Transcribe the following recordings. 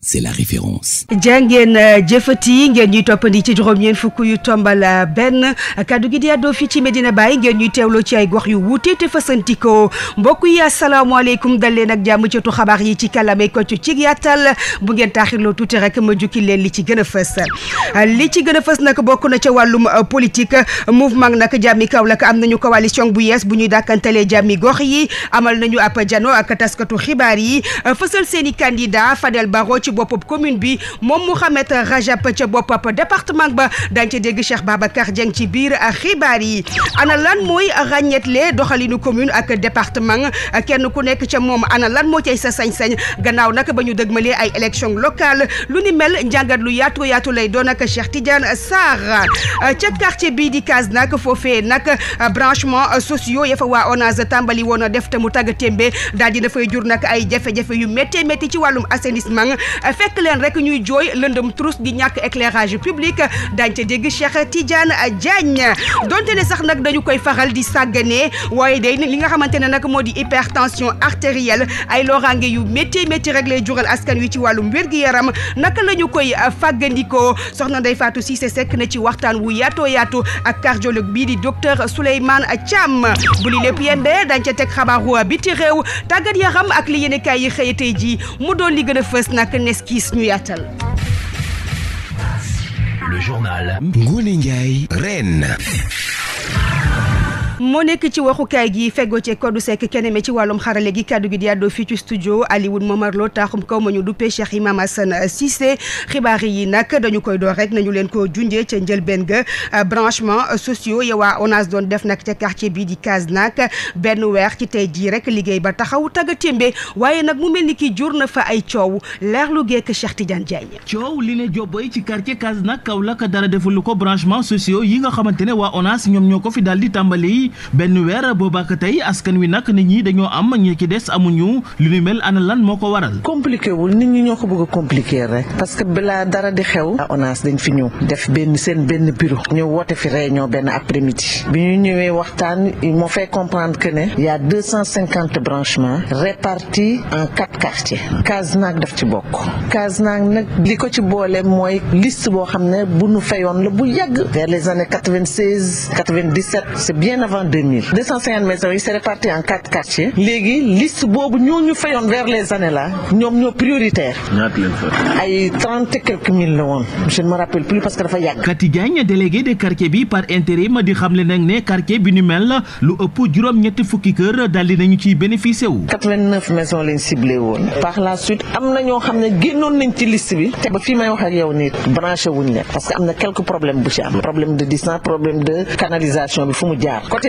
c'est la référence. jàngeen euh, jëfati ngeen ñuy toppandi ci juróom-ñeent fukk yu tombal euh, ben kaddu gi di àddoo fii ci Medina Baye ngeen ñuy teewloo ci ay gox yu wuute te fasantikoo mbokk yi asalaamaaleykum dal leen ak jàmm ci tu yi ci kàllaame ko ci yàttal bu ngeen taaxirloo tuuti rek ma jukki leen li ci gën a fës. li ci gën a fës nag bokk na ca wàllum euh, politique mouvement nag jàmmi Kaolack am nañu coalition bu yees bu ñuy dàkkantalee jàmmi gox yi amal nañu ab jano ak taskatu xibaar yi fësal seen ci boppam commune bi moom Mouhamed Rajab ca ba département ba dañ ci dégg Cheikh Babacar Dieng ci biir xibaar yi ana lan mooy ràññeetle doxalinu commune ak département kenn ku nekk ca moom ana lan moo cay sa sañ-sañ gannaaw nag ba ñu dëgmalee ay élection locale lu ni mel njàngat lu yaatu yaatu lay doon ak Cheikh Tidiane Sarr ca quartier bii di Case nag foofee nag branchement sociaux ya fa waa ONAS tàmbali woon def te mu tagg témbe daal dina fay jur fekk leen rek ñuy jooy lënd lëndëm trous gi ñàkk éclairage public daañu ca dégg Cheikh Tidiane Diagne donte ne sax nag dañu koy faral di sàgganee waaye day li nga xamante ne nag moo di hypertension artérielle ay loraange yu métti métti rek lay jural askan wi ci wàllum wér-gu-yaram naka la ñu koy uh, fàggandikoo soxna Ndeye Fatou Cissé Seck na ci waxtaan wu yaatoo yaatu ak cardiologue bii di docteur Souleymane Thiam bu li lépp yembee dañ ca teg xabaaru uh, biti réew tàggat yaram ak li yéen kaay xëy tey ji a esquisse ñu yaatal. Le journal Ngoné Ndiaye Reine moo nekk ci waxukaay gi feggoo ci koddu sekk kenn me ci wàllum xarale gi kàddu gi di àddoo fii ci studio Alioune Momar Lo taaxum kaw ma ñu duppee Cheikh Imam Assane Cissé xibaar yi nag dañu koy doo rek nañu leen ko junjee ca njëlbeen ga euh, branchement sociaux ya waa ONAS doon def nag ca quartier bii di Kasnack benn weex ci tey jii rek liggéey ba taxaw tagga témbe waaye nag mu mel ni ki jur na fa ay coow leerlu geek Cheikh Tidiane Diagne coow li ne jobbay ci quartier Kasnack Kaolack dara defulu ko branchement sociaux yi nga xamante ne waa ONAS ñoo ko fi daal di tàmbali ci benn weer booba ak tey askan wi nag nit ñi dañoo am ñi ci des amuñu lu ñu mel ana lan moo ko waral. compliqué wul nit ñi ñoo ko bëgg a rek parce que balaa dara di xew. ONAS dañ fi ñëw def benn seen benn bureau ñu woote fi réunion benn après-midi bi ñu ñëwee waxtaan il m'a fait comprendre que ne y a deux cent cinquante branchements répartis en quatre quartiers. Casenac daf ci bokk Casenac nag li ko ci boole mooy liste boo xam ne bu nu fayoon la bu yàgg vers les années quatre avant 2000 250 maisons yi c'est en quatre quartiers léegi liste boobu ñooñu fayoon vers les années là ñoom ñoo prioritaire ay trente et mille la woon je ne me rappelle plus parce que dafa yàgg Kati Diagne délégué de quartier bi par intérim di xamle nag ne quartier bi ñu mel lu ëpp juróom-ñetti fukki kër daal di nañu ciy bénéficié wu 89 maisons lañ ciblé woon par la suite am na ñoo xam ne génnoon nañ ci liste bi te ba fii may wax ak yow nii branché wuñ leen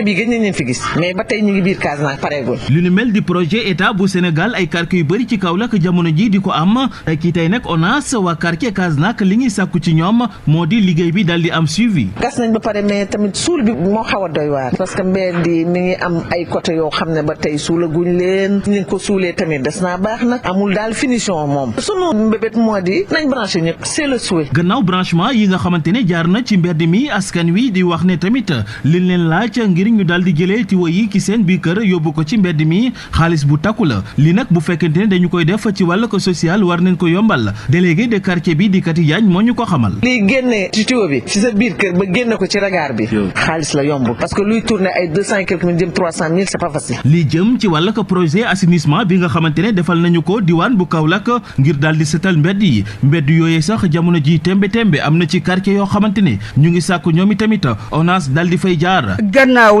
côté bi gëj nañ leen fi gis mais ba tey ñu ngi biir Casamance pareegul. lu ni mel di projet état bu Sénégal ay quartier yu bëri ci Kaolack jamono ji di ko am kii tey nag ONAS waa quartier Casamance li ñuy sàkku ci ñoom moo di liggéey bi daal di am suivi. gas nañ ba pare mais tamit suul bi moo xaw a doy waar parce que mbedd yi mi ngi am ay côté yoo xam ne ba tey suulaguñ leen ñu ko suulee tamit des naa baax nag amul daal finition moom sunu mbébét moo di nañ branché ñëpp c'est le souhait. gannaaw branchement yi nga xamante ne jaar na ci mbedd mi askan wi di wax ne tamit liñ leen laaj ngir bi ñu daal di jëlee yi ci biir kër yóbbu ko ci mbedd mi xaalis bu takku la li nag bu fekkente ne dañu koy def ci wàll ko social war nañ ko yombal délégué de quartier bi di Kati Diagne moo ñu ko xamal. lii génne ci bi ci sa biir kër ba génne ko ci ragaar bi. xaalis la yomb parce que luy tourner ay et quelques mille jëm ci wàll ko projet assainissement bi nga xamante ne defal nañu ko diwaan bu Kaolack ngir daal di setal mbedd yi mbedd yooyee sax jamono ji tembe tembe am na ci quartier yoo xamante ne ñu ngi sàkk ñoom itamit ONAS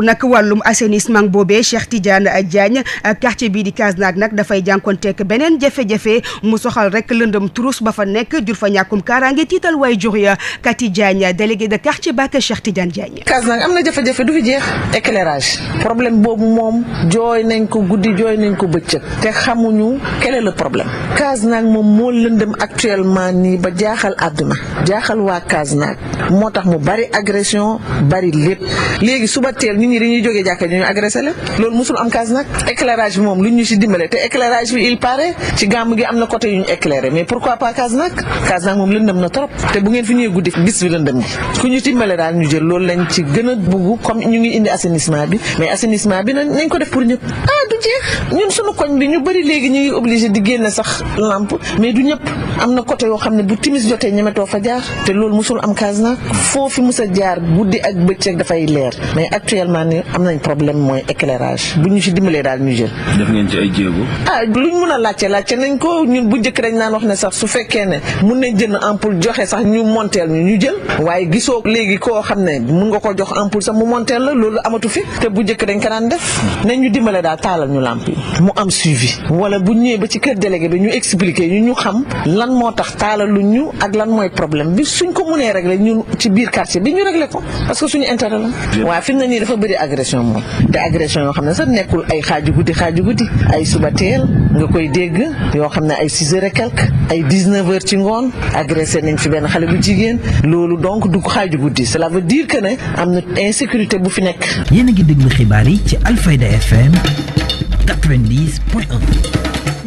ginnaaw nag wàllum assainissement boobee Cheikh Tidiane Diagne quartier bii di Kasnack nag dafay jànkonteek beneen jafe-jafe mu soxal rek lëndëm turus ba fa nekk jur fa ñàkkum kaaraange tiital waay jur ya Kati Diagne délégué de quartier Bakk Cheikh Tidiane Diagne. Kasnack am na jafe-jafe du fi jeex éclairage problème boobu moom jooy nañ ko guddi jooy nañ ko bëccëg te xamuñu quel est le problème Kasnack moom moo lëndëm actuellement nii ba jaaxal àdduna jaaxal waa Kasnack moo tax mu bari agression bari lépp nit ñi dañuy jógee jàkka ñu agressé leen loolu mosul am kaas nag éclairage bi moom lu ñu si dimbale te éclairage bi il paraît ci gàmm gi am na côté yu ñu éclairé mais pourquoi pas kaas nag kaas nag moom lëndëm na trop te bu ngeen fi ñëwee guddi bis bi lëndëm gi ku ñu dimbale daal ñu jël loolu lañ ci gën a comme ñu ngi indi assainissement bi mais assainissement bi nañ ko def pour ñëpp ah du jeex ñun suñu koñ bi ñu bëri léegi ñu ngi obligé di génne sax xam ne bu timis jotee ñemetoo fa jaar te loolu mosul am kaas nag foofu musa actuellement ni am nañ problème mooy éclairage bu ñu si dimbalee daal ñu jël. def ngeen ci ay jéego. ah luñ mun a laajte laajte nañ ko ñun bu njëkk dañ naan wax ne sax su fekkee ne mun nañ jënd ampoule joxe sax ñu monteel ñu ñu jël waaye gisoo léegi koo xam ne mun nga ko jox ampoule sax mu monteel la loolu amatu fi te bu njëkk dañ ko daan def nañ ñu dimbale daal taalal ñu làmp yi mu am suivi wala bu ñëwee ba ci kër délégué bi ñu expliqué ñu ñu xam lan moo tax taalalu ñu ak lan mooy problème bi suñ ko mënee régler ñun ci biir quartier bi ñu régler ko bëri agression moom te agression yoo xam ne sa nekkul ay xaaju guddi xaaju guddi ay suba teel nga koy dégg yoo xam ne ay six heures et quelque ay dix-neuf heures ci ngoon agressé nañ fi benn xale bu jigéen loolu donc du xaaju guddi cela veut dire que ne am na insécurité bu fi nekk. yéen a ngi déglu xibaar yi ci Alfayda FM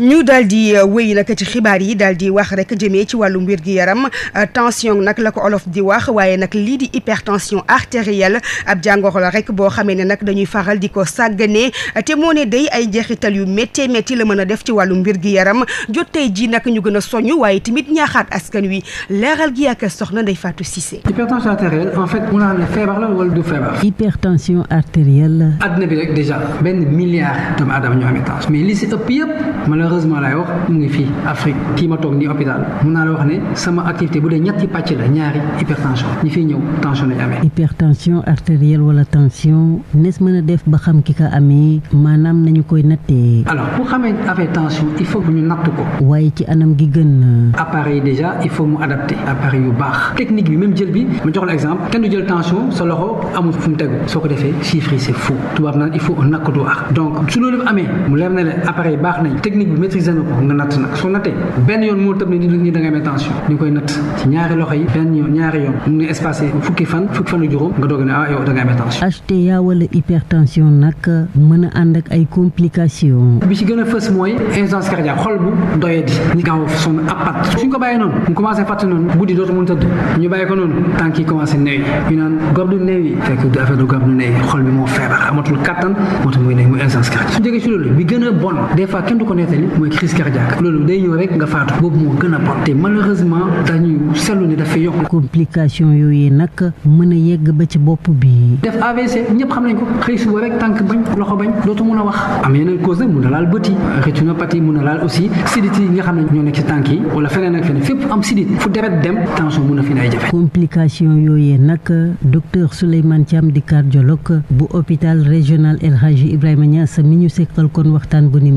ñu daal di euh, wéy nag ci xibaar yi daal di wax rek jëmee ci wàllu wér gi yaram euh, tension nag la ko olof di wax waaye nag lii di hypertension artérielle ab jàngoro la rek boo xamee ne nag dañuy faral di ko sàggane te moo ne day ay jeexital yu méttee métti la mën a def ci wàllu mbir gi yaram jot tey ji nag ñu gën a soñu waaye tamit ñaaxaat askan wi leeral gi ak soxna Ndeye Fatou Cissé. hypertension artérielle en naa ne feebar la wala du feebar. hypertension bi rek déjà benn milliard doomu aadama heureusement laay wax mu ngi fii Afrique kii ma toog nii hôpital mun naa la wax ne sama activité bu dee ñetti pàcc la ñaari hypertension ñi fiy ñëw tension lañu amee. hypertension artérielle wala tension nees mën a def ba xam ki ka amee maanaam nañu koy nattee. alors bu xamee affaire tension il faut que ñu natt ko. waaye ci anam gi gën. appareil déjà il faut mu adapté appareil yu baax technique bi même jël bi ma jox la exemple kenn du jël tension sa loxo amul fu mu tegu soo ko defee chiffre yi c'est faux tubaab naan il faut un accoudoir donc su loolu amee mu leer na leen appareil baax nañ technique bi maîtriser nga natt nag soo nattee benn yoon moo tëb ne ni da ngay amee tension ñu koy natt ci ñaari loxo yi benn yoon ñaari yoon mu ngi espacé fukki fan fukki fan ak juróom ah, mën a ànd ak ay complications. bi ci gën a fës mooy insuffisance cardiaque xol bu doyee di ñu gaaw sonn apat suñ ko bàyyee noonu mu commencé fàtte noonu guddi dootu mën tëdd ñu bàyyi noonu tànk yi commencé yi ñu naan gob du néew yi fekk du affaire du gob du néew yi xol bi moo a bon des loolu day ñëw rek nga faatu boobu moo gën a bon te malheureusement dañuy seetlu ne dafay yokk. complication yooyu nag mën a yegg ba ci bopp bi. def AVC ñëpp xam nañ ko xëy suba rek tànk bañ loxo bañ mun a wax am yeneen cause mun na laal bët yi rétinopathie mun na laal aussi sidit yi nga xam ne ñoo nekk ci tànk yi wala feneen ak feneen fépp am sidit fu deret dem tension mun na fi ay jafe. complication yooyu nag docteur Souleymane Thiam di cardiologue bu hôpital régional El Hadji Ibrahima Niass mi ñu sekkal kon waxtaan bu ni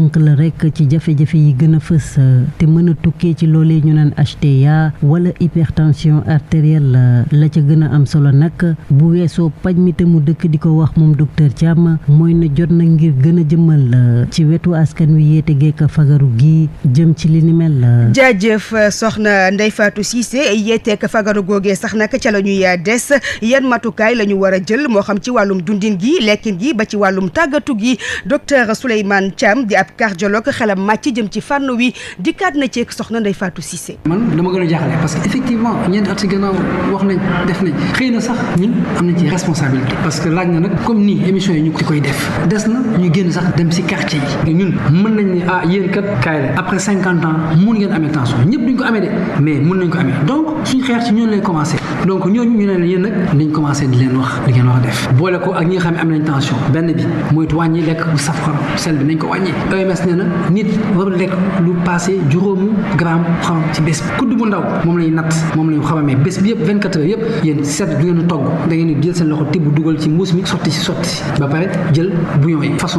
tënk la rek ci jafe-jafe gën a fës euh, te mën a tukkee ci loolee ñu naan HTA wala hypertension artérielle euh, la ca gën am solo nag bu weesoo paj mi mu dëkk di ko wax moom docteur Thiam mooy na jot na ngir gën a jëmmal euh, ci wetu askan wi yéete geek fagaru gi jëm ci li ni mel. jaajëf soxna Ndeye Fatou Cissé yéeteek fagaru googee sax nag ca la ñuy des yan matukaay lañu war a jël moo xam ci wàllum dundin gi lekkin gi ba ci wàllum tàggatu gi docteur Souleymane Thiam di ab cardiologue xelam màcc jëm ci fànn wi dikkaat na ceeg soxna Ndeye Fatou Cissé. man dama gën a jaaxle parce que effectivement ñeenti at si a wax nañ def nañ xëy na sax ñun am nañ ci responsabilité parce que laaj na nag comme nii émission yi ñu ci koy def des na ñu génn sax dem si quartier ñun mën nañ ne ah yéen kat kaay la après cinquante ngeen amee tension ñëpp duñ ko amee de mais mun nañ ko amee donc suñu xeex ci ñoom lay commencé donc ñooñu ñu ne la yéen nag nañ commencé di leen wax li ngeen wax def boole ko ak ñi nga xam ne am nañ tension benn bi mooy wàññi lekk bu saf xorom ko wàññi OMS nee na nit warul lekk lu passé juróomu gramme xamam ci bés kudd bu ndaw moom la ñu natt moom la ñu xamamee bés bi yëpp 24 heures yëpp yéen seet du ngeen togg da ngeen dugal ci mbuus mi sotti si sotti si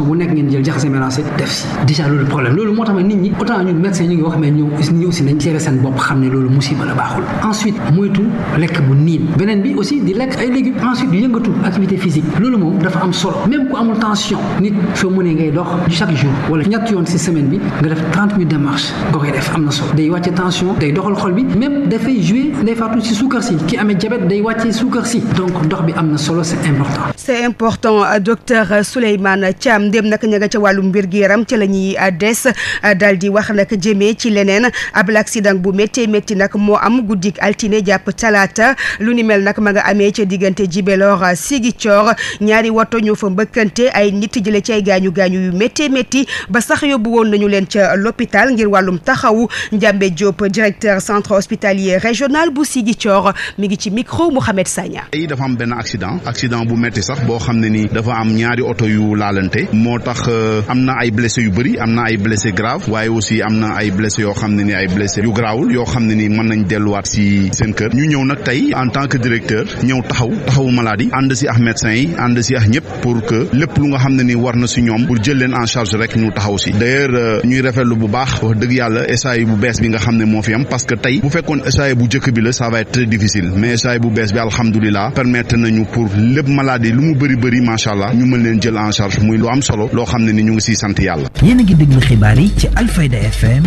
bu nekk ngeen jël jaxase mélangé def si déjà loolu problème loolu moo tax nit ñi autant loolu musiba la baaxul ensuite moytu beneen bi aussi di lekk ay légumes ensuite yëngatu activité physique loolu moom dafa am solo même ku amul tension nit foo mu ne ngay dox chaque jour wala ñett yoon si semaine bi nga def 30 minutes de marche nga koy def am na solo day wàcce tension day doxal xol bi même dafay jouer day faatu si suukar si ki amee jabet day wàccee suukar si donc dox bi am na solo c'est important. c'est important euh, docteur euh, Souleymane Thiam dem nag ña ca wàllu mbir gi yaram ca la ñuy euh, des daal di wax nag jëmee ci leneen ab accident bu méttee métti nag moo am guddik altine jàpp talaata lu ni mel nag ma nga amee ca diggante Jibelor Sigicoor ñaari woto ñoo fa ay nit jële ci gaañu gaañu yu méttee métti ba sax yóbbu woon nañu leen ca l'hôpital ngir wàllum taxawu Ndiambé Diop directeur centre hospitalier régional bu Ziguinchor mi ngi ci micro Mouhamed Sagna. tey dafa am benn accident accident bu metti sax boo xam ne ni dafa am ñaari oto yu laalante moo tax euh, am na ay blessés yu bëri am na ay blessés grave waaye aussi am na ay blessés yoo xam ne ni ay blessés yu garaawul yoo xam ne ni mën nañ delluwaat si seen kër ñu ñëw nag tey en tant que directeur ñëw taxaw taxawu maladie ànd si ak médecins yi ànd si ñëpp pour lépp lu nga xam ne ni war na si ñoom jël leen en charge taxaw taxaw si d'ailleurs euh, ñuy rafetlu bu baax wax dëgg yàlla SAE bu bees bi nga xam ne moo fi am parce que tey bu fekkoon SAE bu njëkk bi la ça va être très difficile mais SAE bu bees bi alhamdulilah permettre nañu pour lépp maladie lu mu bëri bëri macha allah ñu mën leen jël en charge muy lu am solo loo xam ne ñu ngi siy sant yàlla. yéen a ngi déglu xibaar yi ci Alfayda FM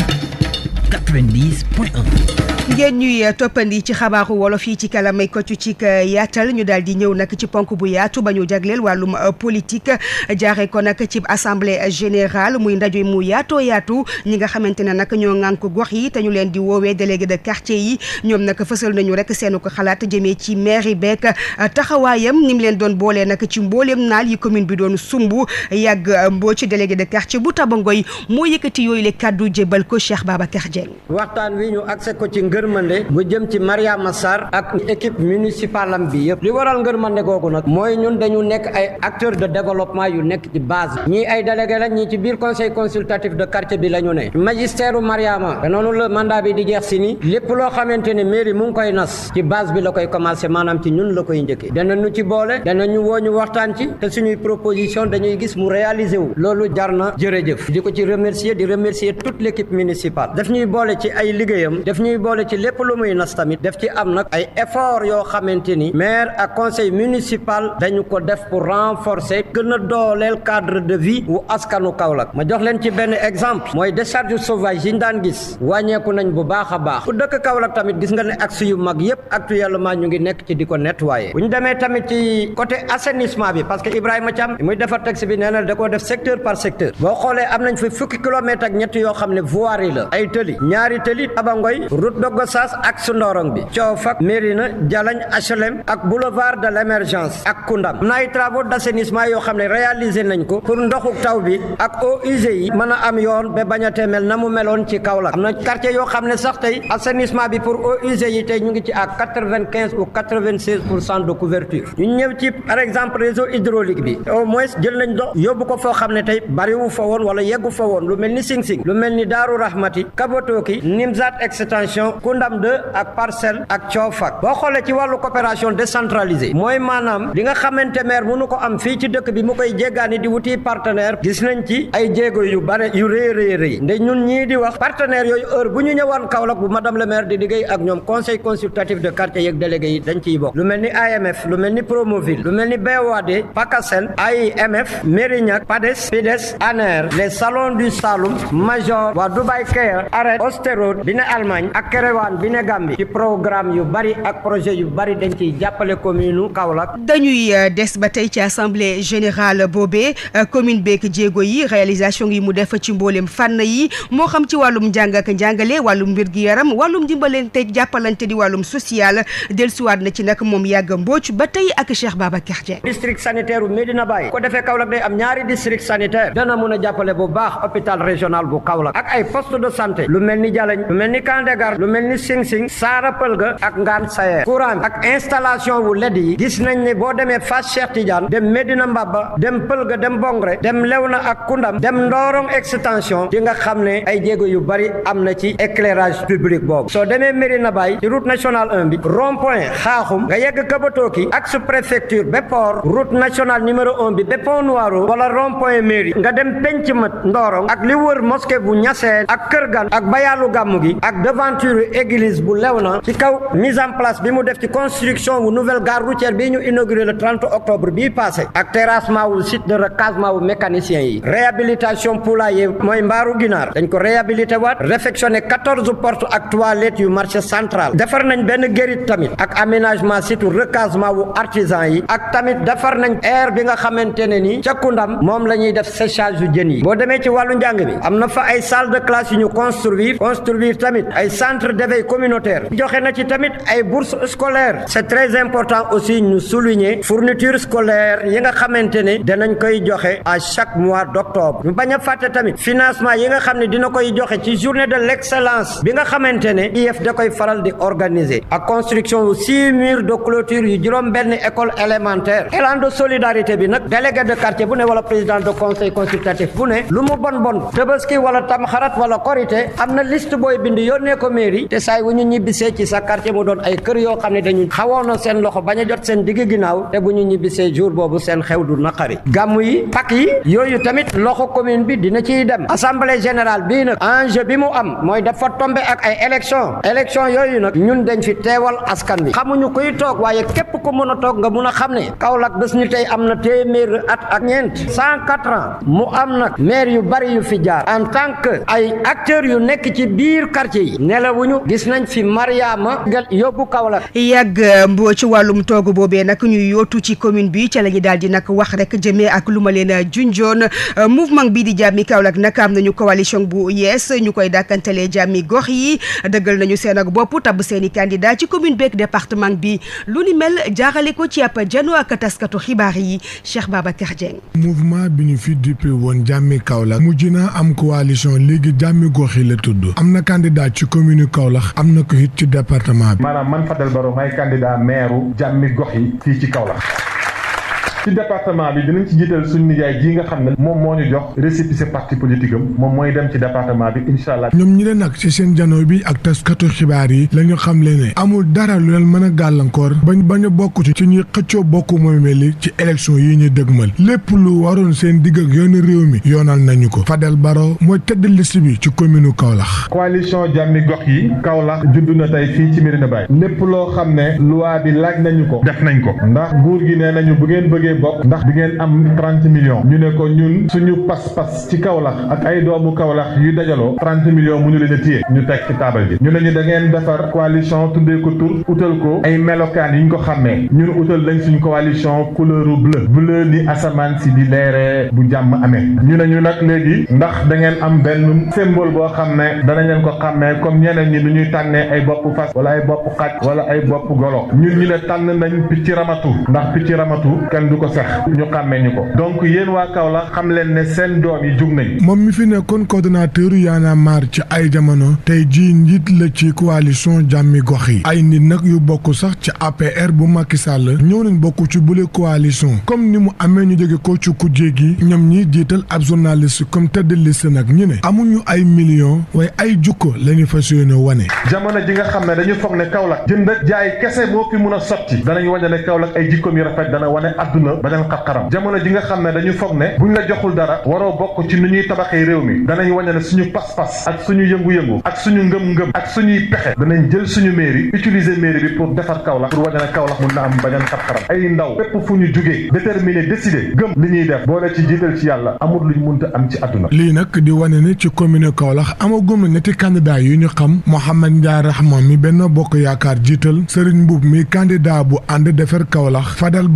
ngeen ñuy toppandi ci xabaaru wolof yi ci kalamay ko ci ci yaatal ñu daal di ñëw nag ci ponk bu yaatu ba ñu jagleel wàllum euh, politique jaaree ko nag ci assemblée générale muy ndaje mu yaatoo yaatu ñi nga xamante ne nag ñoo ŋànk gox yi te ñu leen di woowee délégué de quartier yi ñoom nag fësal nañu rek seenu ko xalaat jëmee ci maire yi beeg euh, taxawaayam ni mu leen doon boolee nag ci mbooleem naal yi commune bi doon sumb yàgg euh, mboo ci délégué de quartier bu Tabangoy moo yëkkati yooyu le kàddu jébal ko Cheikh Babacar Dieng. ngërmande bu jëm ci Mariama Sarr ak équipe municipale am bi yëpp li waral ngërmande googu nag mooy ñun dañu nekk ay acteurs de développement yu nekk ci base ñii ay délégué la ñii ci biir conseil consultatif de quartier bi la ñu ne magistère u Mariama te noonu la mandat bi di jeex si ni lépp loo xamante ne mairie mu ngi koy nas ci base bi la koy commencé maanaam ci ñun la koy njëkkee dana ñu ci boole dana ñu woo ñu waxtaan ci te suñuy proposition dañuy gis mu réaliser wu loolu jar na jërëjëf di ko ci remercier di remercier toute l'équipe municipale daf ñuy boole ay liggéeyam ci lépp lu muy nas tamit def ci am nag ay effort yoo xamante ni maire ak conseil municipal dañu ko def pour renforcer gën a dooleel cadre de vie wu askanu Kaolack ma jox leen ci benn exemple mooy décharge sauvage yi ñu daan gis wàññeeku nañ bu baax a baax ku dëkk Kaolack tamit gis nga ne axe yu mag yépp actuellement ñu ngi nekk ci di ko nettoyer bu ñu demee tamit ci coté assainissement bi parce que Ibrahima Thiam muy defar texte bi nee na da koo def secteur par secteur boo xoolee am nañ fi fukki kilomètre ak ñett yoo xam ne voirie la ay tëli ñaari tëli Tabangoy Gossas ak su Ndorong bi coof ak Mérina Jalañ HLM ak boulevard de l'émergence ak Koundam am na ay yoo xam ne réalisé nañ ko pour ndoxu taw bi ak eaux usées yi mën a am yoon ba bañ a teemel na mu meloon ci Kaolack am na quartier yoo xam ne sax tey assainissement bi pour eaux usées yi tey ñu ngi ci à u vingt quinze ou quatre-vingt-seize pour cent de couverture ñu ñëw ci par exemple réseau hydraulique bi au moins jël nañ dox yóbbu ko foo xam ne tey bariwu fa woon wala yeggu fa woon lu mel ni Sing Sing lu Koundam 2 ak Parcelles ak Coofak boo xoolee ci wàllu coopération décentralisée mooy maanaam li xamante maire mënu ko am fii ci dëkk bi mu koy jéggaani di wuti partenaire gis nañ ci ay jéego yu bare yu rëy rëy rëy nde ñun ñii di wax partenaire yooyu heure bu ñu ñëwaan Kaolack bu madame le maire di liggéey ak ñoom conseil consultatif de quartier yeeg délégué yi dañ ciy bokk lu mel ni AMF lu mel ni Promoville lu mel ni BOAD PACASEN AIMF Mérignac PADES PIDES ANER Tiwaawan bi ne Gàmbi ci programme yu bari ak projet yu bari dañ ciy jàppale commune u Kaolack dañuy euh, des ba tey ci assemblée générale boobee euh, commune beek jéego yi réalisation yi mu def ci mbooleem fànn yi moo xam ci wàllum njàng ak njàngale wàllum wér gi yaram wàllum dimbalante jàppalante di wàllum social dellusiwaat na ci nag moom yàgg mbooc ba tey ak Cheikh Babacar Dieng district saniter u Medina Baye ko defee Kaolack day am ñaari district sanitaire dana mun a jàppale bu baax hôpital régional bu Kaolack lu mel ni Jalañ lu mel lu mel mel ni sing sing saarapël ga ak ngaan sayeer courant ak installation wu led yi gis nañ ne boo demee Fass Cheikh Tidiane dem Medina Mbaba dem pël ga dem Bongre dem Léona ak Koundam dem Ndorong extension di nga xam ne ay jéego yu bari am na ci éclairage public boobu soo demee Medina Baye ci route nationale 1 bi rond point xaaxum nga yegg Kabatoki ak su préfecture ba port route nationale numéro 1 bi ba Noiro wala rond point nga dem penc mat Ndorong église bu Léona ci kaw mise en place bi mu def ci construction wu nouvelle gare routière bi ñu inauguré le 30 octobre bii passé ak terrassement wu site de recasement wu mécanicien yi réhabilitation poulailler mooy mbaaru ginaar dañ ko réhabilité waat réfectionné 14 portes ak toilettes yu marché central defar nañ benn guérite tamit ak aménagement surtout recasement wu artisan yi ak tamit defar nañ air bi nga xamante ne ni ca Koundam moom la ñuy def séchage yu jën yi boo demee ci wàllu njàng bi am na fa ay d'éveil communautaire joxe na ci tamit ay bourses scolaires c'est très important aussi ñu souligner fourniture scolaire yi nga xamante ne danañ koy joxe à chaque mois d'octobre ñu bañ a fàtte tamit financement yi nga xam ne dina koy joxe ci journée de l'excellence bi nga xamante ne IEF da koy faral di organiser ak construction wu six murs de clôture yu juróom benn école élémentaire élan solidarité bi nag délégué de quartier bu ne wala président de conseil consultatif bu ne bon wala tamxarat wala korité am na liste booy bind yónnee ko yi te saay wu ñu ñibbisee ci sa quartier mu doon ay kër yoo xam ne dañu xawoon seen loxo bañ a jot seen digg ginnaaw te bu ñu ñibbisee jour boobu seen xew du naqari gàmmu yi pak yi yooyu tamit loxo commune bi dina ciy dem assemblée général bii nag enjeu bi mu am mooy dafa tombé ak ay élection élection yooyu nag ñun dañ fi teewal askan bi xamuñu kuy toog waaye képp ko mën a toog nga mun a xam ne Kaolack bés ñu tey am na te téeméer at ak ñeent cent quatre mu am nag maire yu bari yu fi jaar en tant que ay acteurs yu nekk ci biir quartier Abdou gis nañ fi Mariama Gel yóbbu Kaolack ci wàllum toog boobee nak ñuy yootu ci commune bi ca la ñu daal di nag wax rek jëmee ak lu ma leen junjoon euh, mouvement bi di jàmmi Kaolack nag am nañu coalition bu yees ñu koy dàkkantalee jàmmi gox yi dëggal nañu seen ak bopp tabb seen i candidat ci commune beeg département bi lu ni mel jaarale ko ci ab jano ak taskatu xibaar yi Cheikh Babacar Dieng mouvement bi ñu fi dippe woon jàmmi Kaolack mujj na am coalition la tudd am na candidat ci commune Kaolack am na ko it ci département bi. maanaam man Fadel Barro may candidat maire jàmmi gox yi fii ci Kaolack. ci département bi dinañ ci jiital suñu nijaay ji nga xam ne moom moo ñu jox récépissé parti politique moom mooy dem ci département bi incha allah. ñoom ñi ne nag ci seen jano bi ak taskatu xibaar yi la ñu xam leen ne amul dara lu leen mën a gàllankoor bañ bañ a bokk ci ñuy xëccoo bokk moomeel yi ci élection yi ñuy dëgmal lépp lu waroon seen digg ak yoonu réew mi yoonal nañu ko Fadel Baro mooy tëdd liste bi ci commune Kaolack. coalition jàmmi gox yi Kaolack juddu na tey fii ci Médina lépp loo xam ne loi bi laaj nañu ko def nañ ko ndax bokk ndax di ngeen am trente millions ñu ne ko ñun suñu pas-pas ci Kaolack ak ay doomu Kaolack yu dajaloo trente millions mënu leen a téye ñu teg ci taabal ji ñu ne ñu da ngeen defar coalition tuddee ko tur utal ko ay melokaan yi ñu ko xàmmee ñun utal lañ suñ coalition couleur bleu bleu ni asamaan si di leeree bu jàmm amee ñu ne ñu nag léegi ndax da ngeen am benn symbole boo xam ne danañ leen ko xàmmee comme ñeneen ñi nu ñuy tànnee ay bopp fas wala ay bopp xaj wala ay bopp golo ko sax ñu xàmmee ñu ko donc yéen waa Kaolack xam leen ne seen doom yi jug nañ. moom mi fi nekkoon coordonnateur Y'en a marre ci ay jamono tey jii njiit la ci coalition jàmmi gox yi ay nit nag yu bokk sax ci APR bu Macky Sall ñëw nañ bokk ci bule coalition comme ni mu amee ñu jóge ko ci kujje gi ñoom ñi jiital ab journaliste comme tëdd liste nag ñu ne amuñu ay millions waaye ay jukko lañu fa yéene wane. jamono ji nga xam ne dañu foog ne Kaolack jënd jaay a sotti danañ wane ne Kaolack ay jikkoom waral beneen xat-xaram jamono ji nga xam ne dañu foog ne buñ la joxul dara waroo bokk ci nu ñuy tabaxee réew mi danañ wane ne suñu pas-pas ak suñu yëngu-yëngu ak suñu ngëm-ngëm ak suñuy pexe danañ jël suñu mairie utiliser mairie bi pour defar Kaolack pour wane ne Kaolack mun na am beneen xat-xaram ay ndaw fépp fu ñu jugee déterminé décidé gëm li ñuy def boole ci jiital ci yàlla amul luñ munta am ci àdduna lii nag di wane ne ci commune Kaolack amagum na ñetti candidat yu ñu xam Mouhamed Ndiaye Rahma mi benn bokk yaakaar jiital Serigne Mboub mi candidat bu ànd defar Kaolack Fadel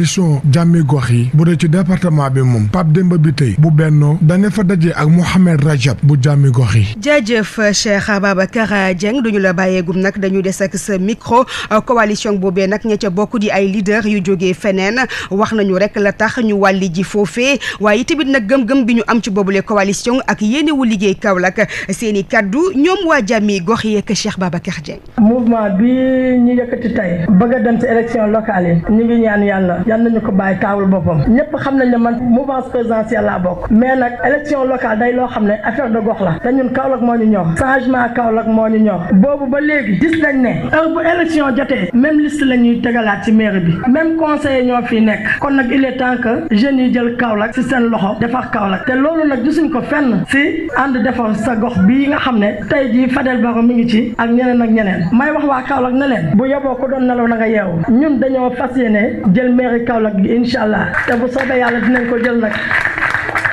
coalition jàmmi gox yi bu dee ci département bi moom Pape Demba bi tey bu bennoo dane fa dajee ak Mouhamed Rajab bu jàmmi gox yi. jaajëf Cheikh Ababacar Dieng duñu la bàyyeegum nag dañu des ak sa micro coalition boobee nag ña ca bokk di ay leader yu jógee feneen wax nañu rek la tax ñu wàlli ji foofee waaye tamit nag gëm-gëm bi ñu am ci boobule coalition ak yéene wu liggéey Kaolack seen i kaddu ñoom waa jàmmi gox yi ak Cheikh Babacar Dieng. mouvement bi ñu yëkkati tey bëgg a dem ci élection locale yi ñu ngi ñaan yàlla yal nañu ko bàyyi taawul boppam ñëpp xam nañ ne man mouvance présidentielle laa bokk mais nag élection locale day loo xam ne affaire de gox la te ñun Kaolack moo ñu ñor changement Kaolack moo ñu ñor boobu ba léegi gis nañ ne heure bu élection jotee même liste la ñuy ci mairie bi même conseiller ñoo fi nekk kon nag il est temps yi jël Kaolack ci seen loxo defar Kaolack te loolu nag gisuñ ko fenn ci ànd defar sa gox bii nga xam ne tey jii Fadel Barro mi ngi ci na leen bu ko doon nelaw na nga yeewu Kaolack gi incha allah te bu soobee yàlla dinañ ko jël nag.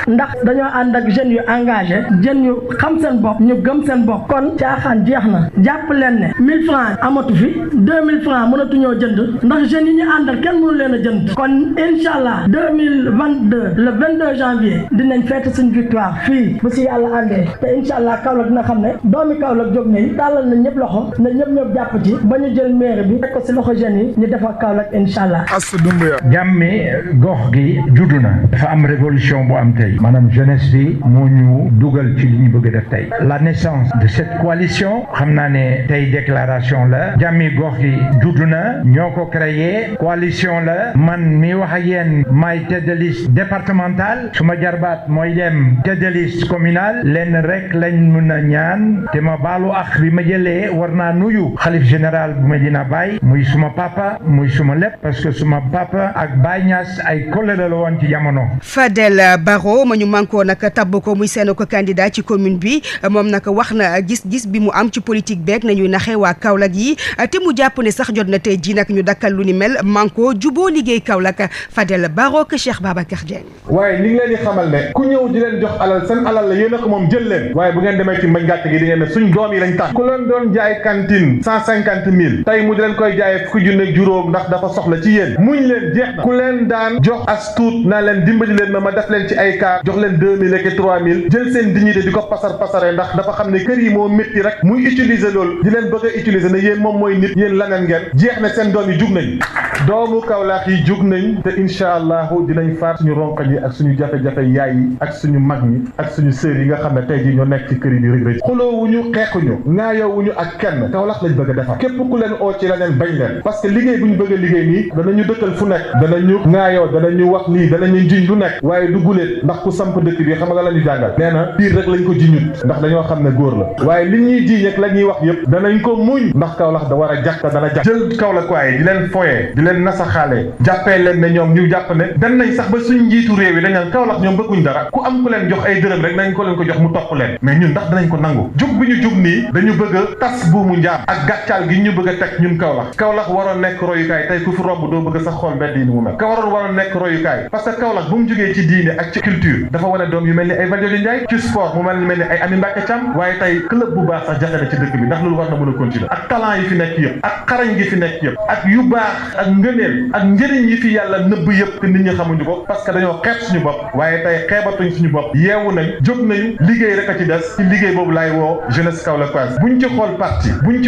ndax dañoo ànd ak jeunes yu engage jën yu xam seen bopp ñu gëm seen bopp kon caaxaan jeex na jàpp leen ne 1000 francs amatu fi 2000 francs mënatuñoo jënd ndax jeunes yi ñu àndal kenn mënu leen a jënd kon incha allah 2022 le 22 janvier dinañ fête suñu victoire fii bu si yàlla àndee te incha allah Kaolack dina xam ne doomi Kaolack jóg nañ tàllal na ñëpp loxo na ñëpp ñëpp jàpp ci ba ñu jël maire bi teg ko si loxo jeunes yi ñu defar Kaolack incha allah. jàmmi gox gi juddu na dafa am révolution bu am tey bi maanaam jeunesse bi moo ñu dugal ci li ñu bëgg def tey la naissance de cette coalition xam naa ne tey déclaration la jàmmi gox gi juddu na ñoo ko créé coalition la man mi wax ak yéen maay tête de liste départementale su ma jarbaat mooy dem tête communal liste rek lañ mën a ñaan te ma baalu ak bi ma jëlee war naa nuyu xalif général bu Medina Baye muy suma papa muy suma lépp parce que suma papa ak Baye Niass ay collègue la woon ci jamono ma ñu mànkoo nag tabb ko muy seen ko candidat ci commune bi moom nag wax na gis-gis bi mu am ci politique beeg nañuy naxee waa Kaolack yi te mu jàpp ne sax jot na tey ji nag ñu dakkal lu ni mel mànkoo juboo liggéey Kaolack Fadel Barok Cheikh Babacar Dieng. waaye li ngi leen di xamal ne ku ñëw di leen jox alal seen alal la yéen a ko moom jël leen waaye bu ngeen demee ci mbañ gàtt gi di ngeen ne suñ mu di koy jaayee fukki junne juróom ndax dafa soxla ci yéen muñ leen jeex ku leen daan jox as naa leen dimbali leen milliards jox leen deux mille ak trois mille jël seen dignité di ko pasar pasare ndax dafa xam ne kër yi moo métti rek muy utiliser loolu di leen bëgg a utiliser ne yéen moom mooy nit yéen laneen ngeen jeex na seen doom yi jug nañ doomu Kaolack yi jug nañ te incha allahu dinañ faat suñu ronq yi ak suñu jafe-jafe yaay yi ak suñu mag ñi ak suñu sœur yi nga xam ne tey jii ñoo nekk ci kër yi di rëj rëj xuloowuñu xeexuñu ŋaayoowuñu ak kenn Kaolack lañ bëgg a defar képp ku leen bëgg a liggéey ku samp dëkk bi xam nga la ñu jàngal nee na biir rek lañ ko jiñut ndax dañoo xam ne góor la waaye li ñuy jiñ ak la wax yëpp danañ ko muñ ndax Kaolack da war a dana jàkk jël Kaolack ñoom ñu ba suñ njiitu réew yi dañ naan Kaolack ñoom bëgguñ dara ku am ku leen jox ay dërëm rek nañ ko leen ko jox mu topp leen mais ñun ndax danañ ko nangu jug bi ñu jug nii dañu bëgg a tas buumu njaam ak gàccaal gi ñu bëgg a teg ñun Kaolack Kaolack waroon nekk royukaay tey ku fi romb doo bëgg sax xool mbedd yi ni mu mel Kaolack waroon culture dafa wane doom yu mel ni ay Valdiodio Ndiaye ci sport mu mel ni ay Ami Mbacké Thiam waaye tey club bu baax sax jafe ci dëkk bi ndax loolu war na mën a continuer ak talent yi fi nekk yëpp ak xarañ gi fi nekk yëpp ak yu baax ak ngëneel ak njëriñ yi fi yàlla nëbb yëpp te nit ñi xamuñu ko parce que dañoo xeeb suñu bopp waaye tey xeebatuñ suñu bopp yeewu nañ jóg nañu liggéey rek a ci des ci liggéey boobu laay woo jeunesse kaolackoise buñ ci buñ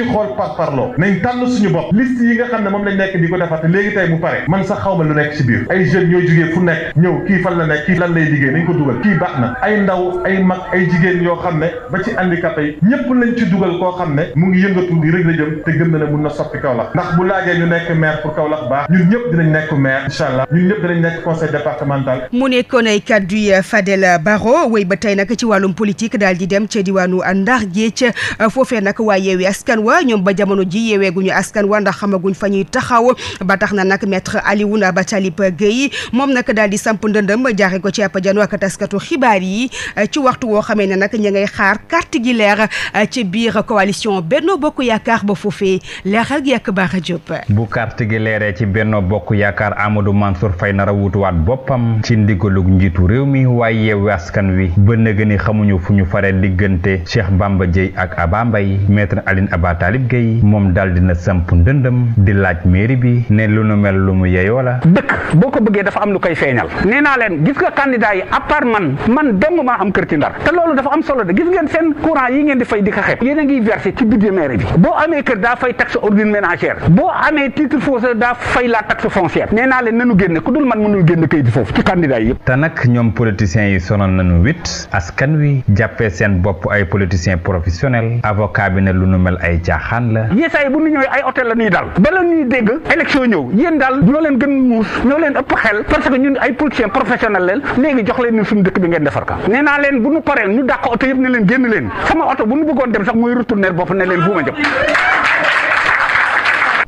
ci xool la nekk kii lan lay léegi nañ ko dugal kii baax na ay ndaw ay mag ay jigéen yoo xam ne ba ci handicapé yi ñëpp lañ ci dugal koo xam ne mu ngi yëngatu di rek la jëm te gëm na ne mun na soppi Kaolack ndax bu laajee ñu nekk maire pour Kaolack baax ñun ñëpp dinañ nekk maire incha allah ñun ñëpp dinañ nekk conseil départemental mu nekkoon ay kaddu yi euh, Fadel euh, Barro wéy ba tey nag ci wàllum politique daal di dem ca diwaanu euh, Ndar Géej foofee nag waa yeewi askan wa ñoom ba jamono ji yeeweeguñu wa ndax xamaguñ fa ñuy taxaw ba na nag maître Alioune Abatalib Gueye moom nag daal di samp ndëndëm jaare ko ci àndoo ak taskatu xibaar yi eh, ci waxtu woo xamee ne nag ña ngay xaar carte gi leer eh, ci biir coalition Benno Bokk Yaakaar ba foofee leeral gi ak Bara Diop bu carte gi leeree ci Benno Bokk Yaakaar Amadou Mansour Faye nar a wutuwaat boppam ci ndigalug njiitu réew mi waaye yeewu askan wi ba nëgë ni xamuñu fu ñu fare diggante Cheikh Bamba Dièye ak Aba Mbaye maître Aline Aba Talib Gueye moom daal dina samp ndëndëm di laaj mairie bi ne lu nu mel lu mu yeyoo la dëkk boo ko bëggee à part man man dong maa am kër ci ndar te loolu dafa am solo de gis ngeen seen courant yi ngeen di fay di ko xeeb yéen a ngi versé ci budget mairie bi boo amee kër daa fay taxe ordure ménagère boo amee titre foncier daa fay la taxe foncière nee naa leen nanu génne ku dul man mënul génn kayit foofu ci candidat yi yëpp te nag ñoom politiciens yi sonal nañu wit askan wi jàppee seen bopp ay politiciens professionnels avocat lu nu mel ay caaxaan la yeesaay bu leen ni suñu dëkk bi ngeen defar ka nee naa leen bu ñu paree ñu dàq oto yëpp ne leen génn leen sama oto bu ñu bëggoon dem sax mooy retourner bopp ne leen buuma jëm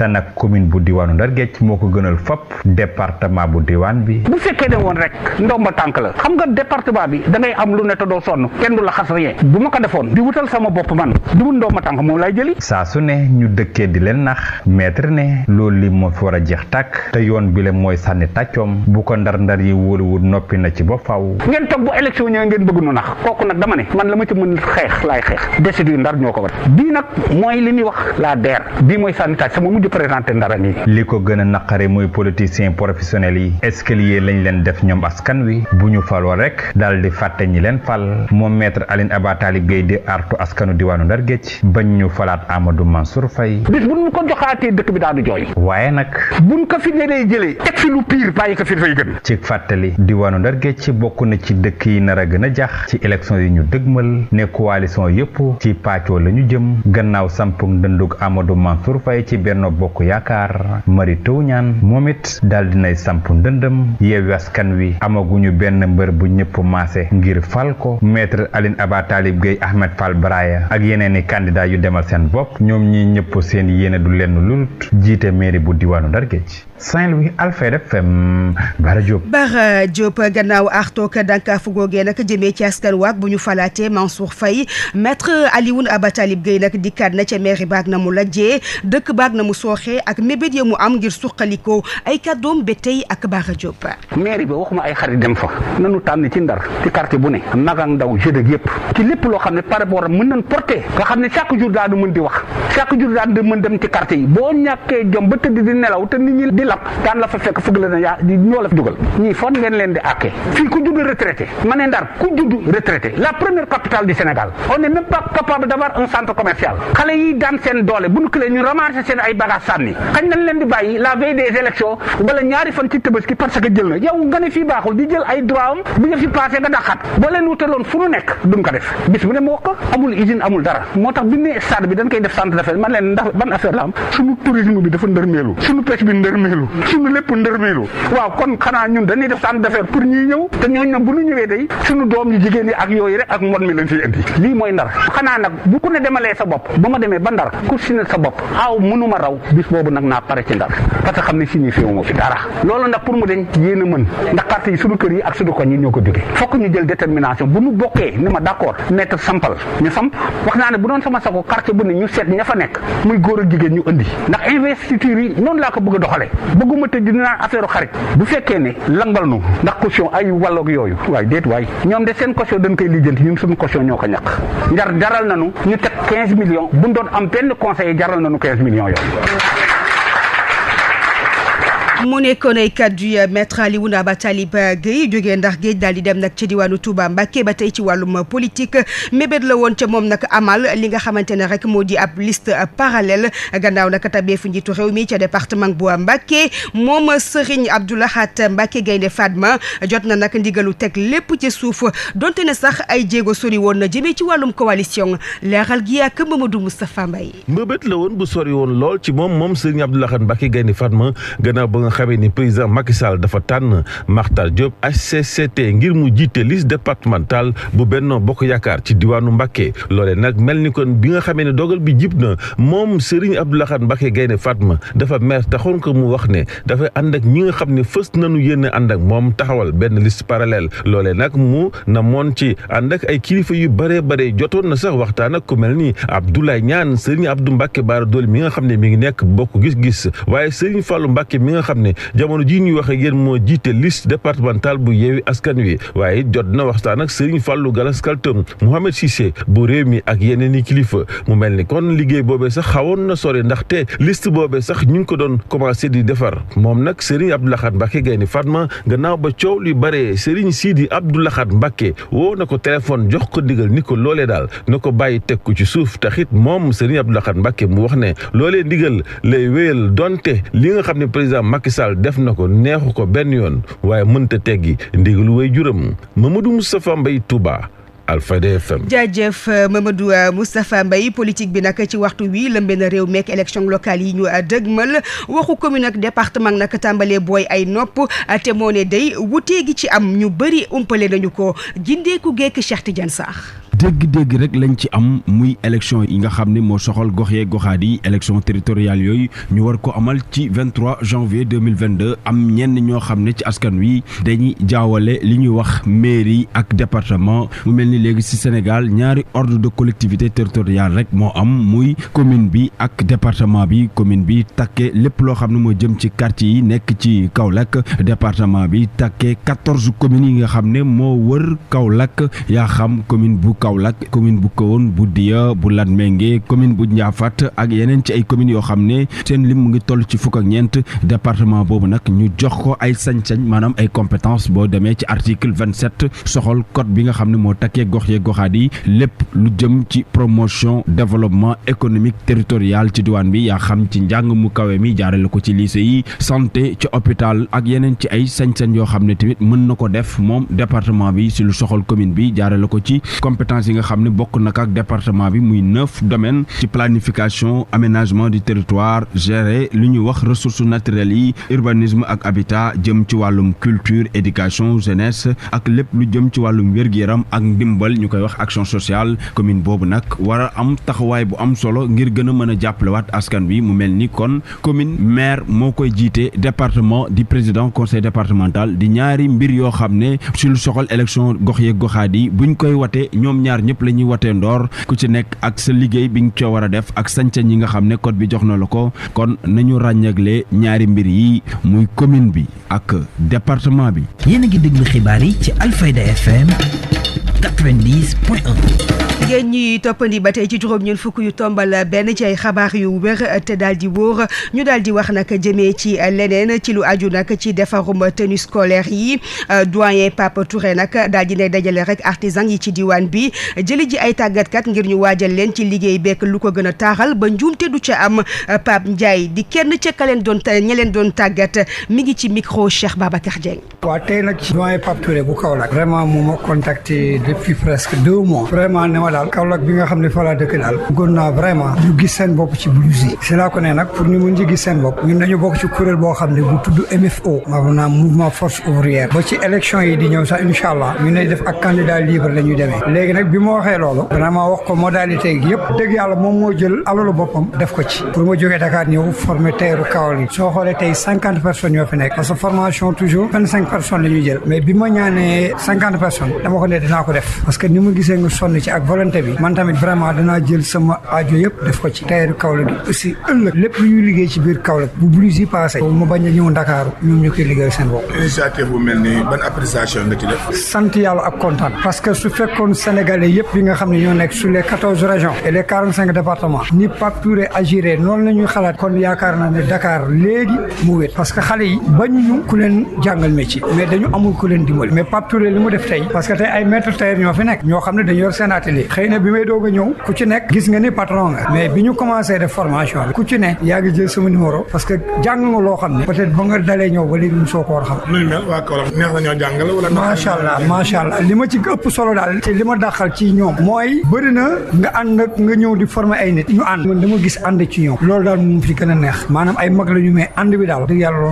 te nag commune bu diwaanu Ndar Géej moo ko gënal fop département bu diwaan bi. bu fekkee ne woon rek ndomba tànk la xam nga département bi da ngay am lu ne te doo sonn kenn du la xas rien bu ma ko defoon di wutal sama bopp man du wut ndomba tànk moom lay jëli. saa su ne ñu dëkkee di leen nax maître ne loolu li moo fi war a jeex tàkk te yoon bi la mooy sànni tàccoom bu ko ndar-ndar yi wóoluwul noppi na ci ba faaw. ngeen toog bu élection ñëwee ngeen bëgg nu nax kooku nag dama ne man la ma ci mën xeex laay xeex décider ndar ñoo ko war représenté ndara nii li ko gën a naqare mooy politiciens professionnels yi escalier lañ leen def ñoom askan wi bu ñu faloo rek daal di fàtte ñi leen fal moom maître Aline Aba Talib Gueye di artu askanu diwaanu Ndar Géej bañ ñu falaat Amadou Mansour Faye bis bu ñu ko joxaatee dëkk bi daanu jooy waaye nag buñ ko fi nenee jëlee teg fi lu pire bàyyi ko fi dafay gën ci fàttali diwaanu Ndar Géej ci bokk na ci dëkk yi nar a gën a jax ci élection yi ñu dëgmal ne coalition yëpp ci pàccoo la ñu jëm gannaaw sampug ndëndug bokk yaakaar Mary Teuw Niane moom it daal dinay samp ndëndëm yeewi askan wi amaguñu benn mbër bu ñëpp maase ngir fal ko maître Aline Aba Talib Gueye Ahmed Fall Braya ak yeneen i candidat yu demal seen bopp ñoom ñi ñëpp seen yéene du lenn lulut jiite mairie bu diwaanu Ndargéej Saint-Louis Alfayda FM Bara Diop. Bara Diop gannaaw artook dànkaafu googee nag jëmee ci askan waak bu ñu falaatee Mansour Faye maître Alioune Abatalib Gueye nag dikkaat na ca mairie baag na mu lajjee dëkk baag na mu sooxee ak mébét ya mu am ngir suqalikoo ay kàddoom ba tey ak Bara Diop. mairie ba waxuma ay xarit dem fa nanu tànn ci ndar ci quartier bu ne mag ak ndaw jeune ak yëpp ci lépp loo xam ne par rapport mën nañ porté nga xam ne chaque jour daanu mën di wax chaque jour daanu mën dem di nelaw làpp daan la fa fekk fëgg la na yaa ñoo la fi dugal ñii foog ngeen leen di àkke fii ku judd retraité ma ne ndar ku judd retraité la première capitale du Sénégal on n'est même pas capable d'avoir un centre commercial xale yi daan seen doole bu ñu kilee ñu ramasser seen ay bagages sànni xañ nañ leen di bàyyi la veille des élections wala ñaari fan ci Tabaski parce que jël na yow nga ne fii baaxul di jël ay droit am bi nga fi passé nga daxat boo leen ndërmeelu suñu lépp ndërmeelu waaw kon xanaa ñun dañuy def centre d'affaires pour ñuy ñëw te ñooñ nag bu ñu ñëwee day suñu doom yu jigéen yi ak yooyu rek ak mbon mi lañ fiy indi lii mooy a ndax carte yi suñu kër yi ak suñu koñ yi ñoo ko jóge fokk ñu jël détermination bu ñu bokkee ni ma d'accord mettre sampal ñu samp wax naa ne bu doon sama sako quartier bu ne ñu seet ña fa nekk muy góor jigéen ñu indi ndax investiture yi noonu laa ko bëgg doxale bëgguma tëj dinaa affaire xarit bu fekkee ne langal nu ndax caution ay wàlloog yooyu waaye déet waaye ñoom de seen caution dañ koy lijjanti ñun suñu caution ñoo ko ñàkk njar jaral nañu ñu teg quinze millions bu doon am benn conseil jaral nañu 15 millions yooyu mu nekkoon ay kàddu yu maître Alioune Abatalib euh, Guèye jógee ndax géej daal di dem nag ci diwaanu Touba Mbacké ba tey ci wàllum politique mébét la woon ca moom nag amal li nga xamante ne rek moo di ab liste parallèle gannaaw nag tabeefu njiitu réew mii ca département bu Mbacké moom Serigne Abdou Lahat Mbacké Gaynde Fatma jot na nag ndigalu teg lépp ci suuf donte ne sax ay jéego sori woon na jëmee ci wàllum coalition leeral gi ak Mamadou Moustapha Mbaye. mbébét la woon bu sori woon lool moom moom Serigne Abdou Lahat xamee ni président Macky Sall dafa tànn Makhtar Diop HCCT ngir mu jiite liste départementale bu Benno Bokk Yaakaar ci diwaanu Mbacké loole nag mel ni kon bi nga xamee ne dogal bi jib na moom Serigne Abdou Lahad Mbacké gaynde Fatma dafa mer taxoon ko mu wax ne dafa ànd ak ñi nga xam ne fës nañu yéen ànd ak moom taxawal benn liste parallèle loole nag mu na moon ci ànd ak ay kilifa yu bare bare jotoon na sax waxtaan ak ku mel ni Abdoulaye Niane Serigne Abdou Mbacké Bara Dolly mi nga xam ne mi ngi nekk bokk gis-gis ne jamono jii ñuy wax ak yéen moo jiite liste départementale bu yeewi askan wi waaye jot na waxtaan ak Serigne Fallou Gallas Kaltoum Mouhamed bu réew mi ak yeneen i kilifa mu mel ni kon liggéey boobee sax xawoon na sore te liste boobee sax ñu ngi ko doon commencé di defar moom nag Serigne Abdou Lahad Mbacké Gaïndé Fatma gannaaw ba coow li bare Serigne Sidi Abdou Lahad Mbacké woo na ko téléphone jox ko digal ni ko loolee daal na ko bàyyi teg ko ci suuf taxit moom Serigne Abdou Lahad Mbacké mu wax Sall def na ko neexu ko benn yoon waaye mënta teggi ndigalu way juram Mamadou Moustapha Mbaye Touba. Alfayda FM jaajëf Mamadou euh, Moustapha mbay politique bi nag ci waxtu wii lëmbe na réew meek élection locale yi ñu euh, dëgmal waxu commune ak département nag tàmbalee booy ay nopp euh, te moo ne day wutee gi ci am ñu bëri umpale nañu ko gindeeku geek Cheikh Tidiane saax dégg-dégg rek lañ ci am muy élection yi nga xam ne moo soxal gox yee goxaat yi élection territoriale yooyu ñu war ko amal ci 23 janvier 2022 am ñenn ñoo xam ne ci askan wi dañuy jaawale li ñuy wax mairie ak département mu mel ni léegi ci Sénégal ñaari ordre de collectivité teritorial rek moo am muy commune bi ak département bi commune bi takke lépp loo xam ne moo jëm ci quartier yi nekk ci Kaolack département bi takke 14 communes yi nga xam ne moo wër Kaolack yaa xam Kaolack commune bu Kahone bu Diya bu Latmingué commune bu Ndiaffate ak yeneen ci ay communes yoo xam ne seen lim mu ngi toll ci fukk ak ñeent département boobu nag ñu jox ko ay sañ-sañ maanaam ay compétence boo demee ci article vingt-sept soxol code bi nga xam ne moo takkee gox yee goxaat yi lépp lu jëm ci promotion développement économique territorial ci diwaan bi yaa xam ci njàng mu kawe mi la ko ci lycée yi santé ci hôpital ak yeneen ci ay sañ-sañ yoo xam ne tamit mën na ko def moom département bi si lu soxol commune bi compétence nga xam ne bokk na ak bi muy neuf domaines ci planification aménagement du territoire gérer li ñuy wax ressources naturelles yi urbanisme ak habitat jëm ci wàllum culture éducation jeunesse ak lépp lu jëm ci wàllum wér yaram ak ndimbal ñu koy wax action sociale commune boobu nag war am taxawaay bu am solo ngir gën a mën a jàppalewaat askan wi mu mel ni kon commune maire moo koy jiite département di président conseil départemental di ñaari mbir yoo xam ne gox ñaar ñaar ñëpp la watee ndoor ku ci nekk ak sa liggéey bi nga ca war a def ak sañ yi nga xam ne code bi jox na la ko kon nañu ràññagle ñaari mbir yi muy commune bi ak département bi. yéen a ngi déglu xibaar yi ci Alfayda FM ngeen ñi toppandi ba tey ci juróom ñun fukk yu tombal benn ci ay xabaar yu wér te daal di wóor ñu daal di wax nag jëmee ci leneen ci lu aju nag ci defarum tenue scolaire yi euh, doyen Pape Touré nag daal di ne dajale rek artisan yi ci diwaan bi jëli ji ay tàggatkat ngir ñu waajal leen ci liggéey bekk lu ko gën a taaxal ba njuumte du ca am euh, Pape Ndiaye di kenn ca leen doon ña leen doon tàggat mi ngi ci micro Cheikh Babacar Dieng. waaw tey nag ci doyen Pape Touré bu Kaolack vraiment mu daal Kaolack bi nga xam ne fa laa dëkk daal bëggoon naa vraiment ñu gis bopp ci blues yi si laa ko ne nag pour ñu mun ci gis bopp ñun dañu bokk ci kuréel boo xam ne bu tudd MFO maanaam bi ma waxee loolu vraiment wax ko modalité yi yëpp dëgg yàlla moom moo jël alalu boppam def ko ci pour ma jógee Dakar ñëw former teeru Kaolack yi soo xoolee tey cinquante personnes ñoo fi nekk parce que formation toujours vingt cinq personnes la ñuy jël mais bi ma ñaanee cinquante personnes dama ko dinaa ko def parce que ni ma gisee nga sonn ci ak volonté bi man tamit vraiment danaa jël sama aajo yëpp def ko ci tayeeru Kaolack gi aussi ëllëg lépp lu liggéey ci biir Kaolack bu blues yi mu bañ a ñu koy su fekkoon sénégalais yëpp yi nga xam ne ni Pape Touré noonu la xalaat kon yaakaar naa ne Dakar léegi mu wéet parce que xale yi bañ ñu ku leen jàngal métier mais dañu amul ku leen dimbali mais Pape li mu def tey parce que tey ay maître tailleur ñoo fi nekk ñoo xam ne dañu yor seen bi xëy na bi may doog a ñëw ku ci nekk gis nga ni patron nga mais bi ñu commencé def formation ku ci ne yaa jël sama numéro parce que jàng ma ci ma dàqal ci ñoom mooy bëri na nga ànd ak nga ñëw di former loolu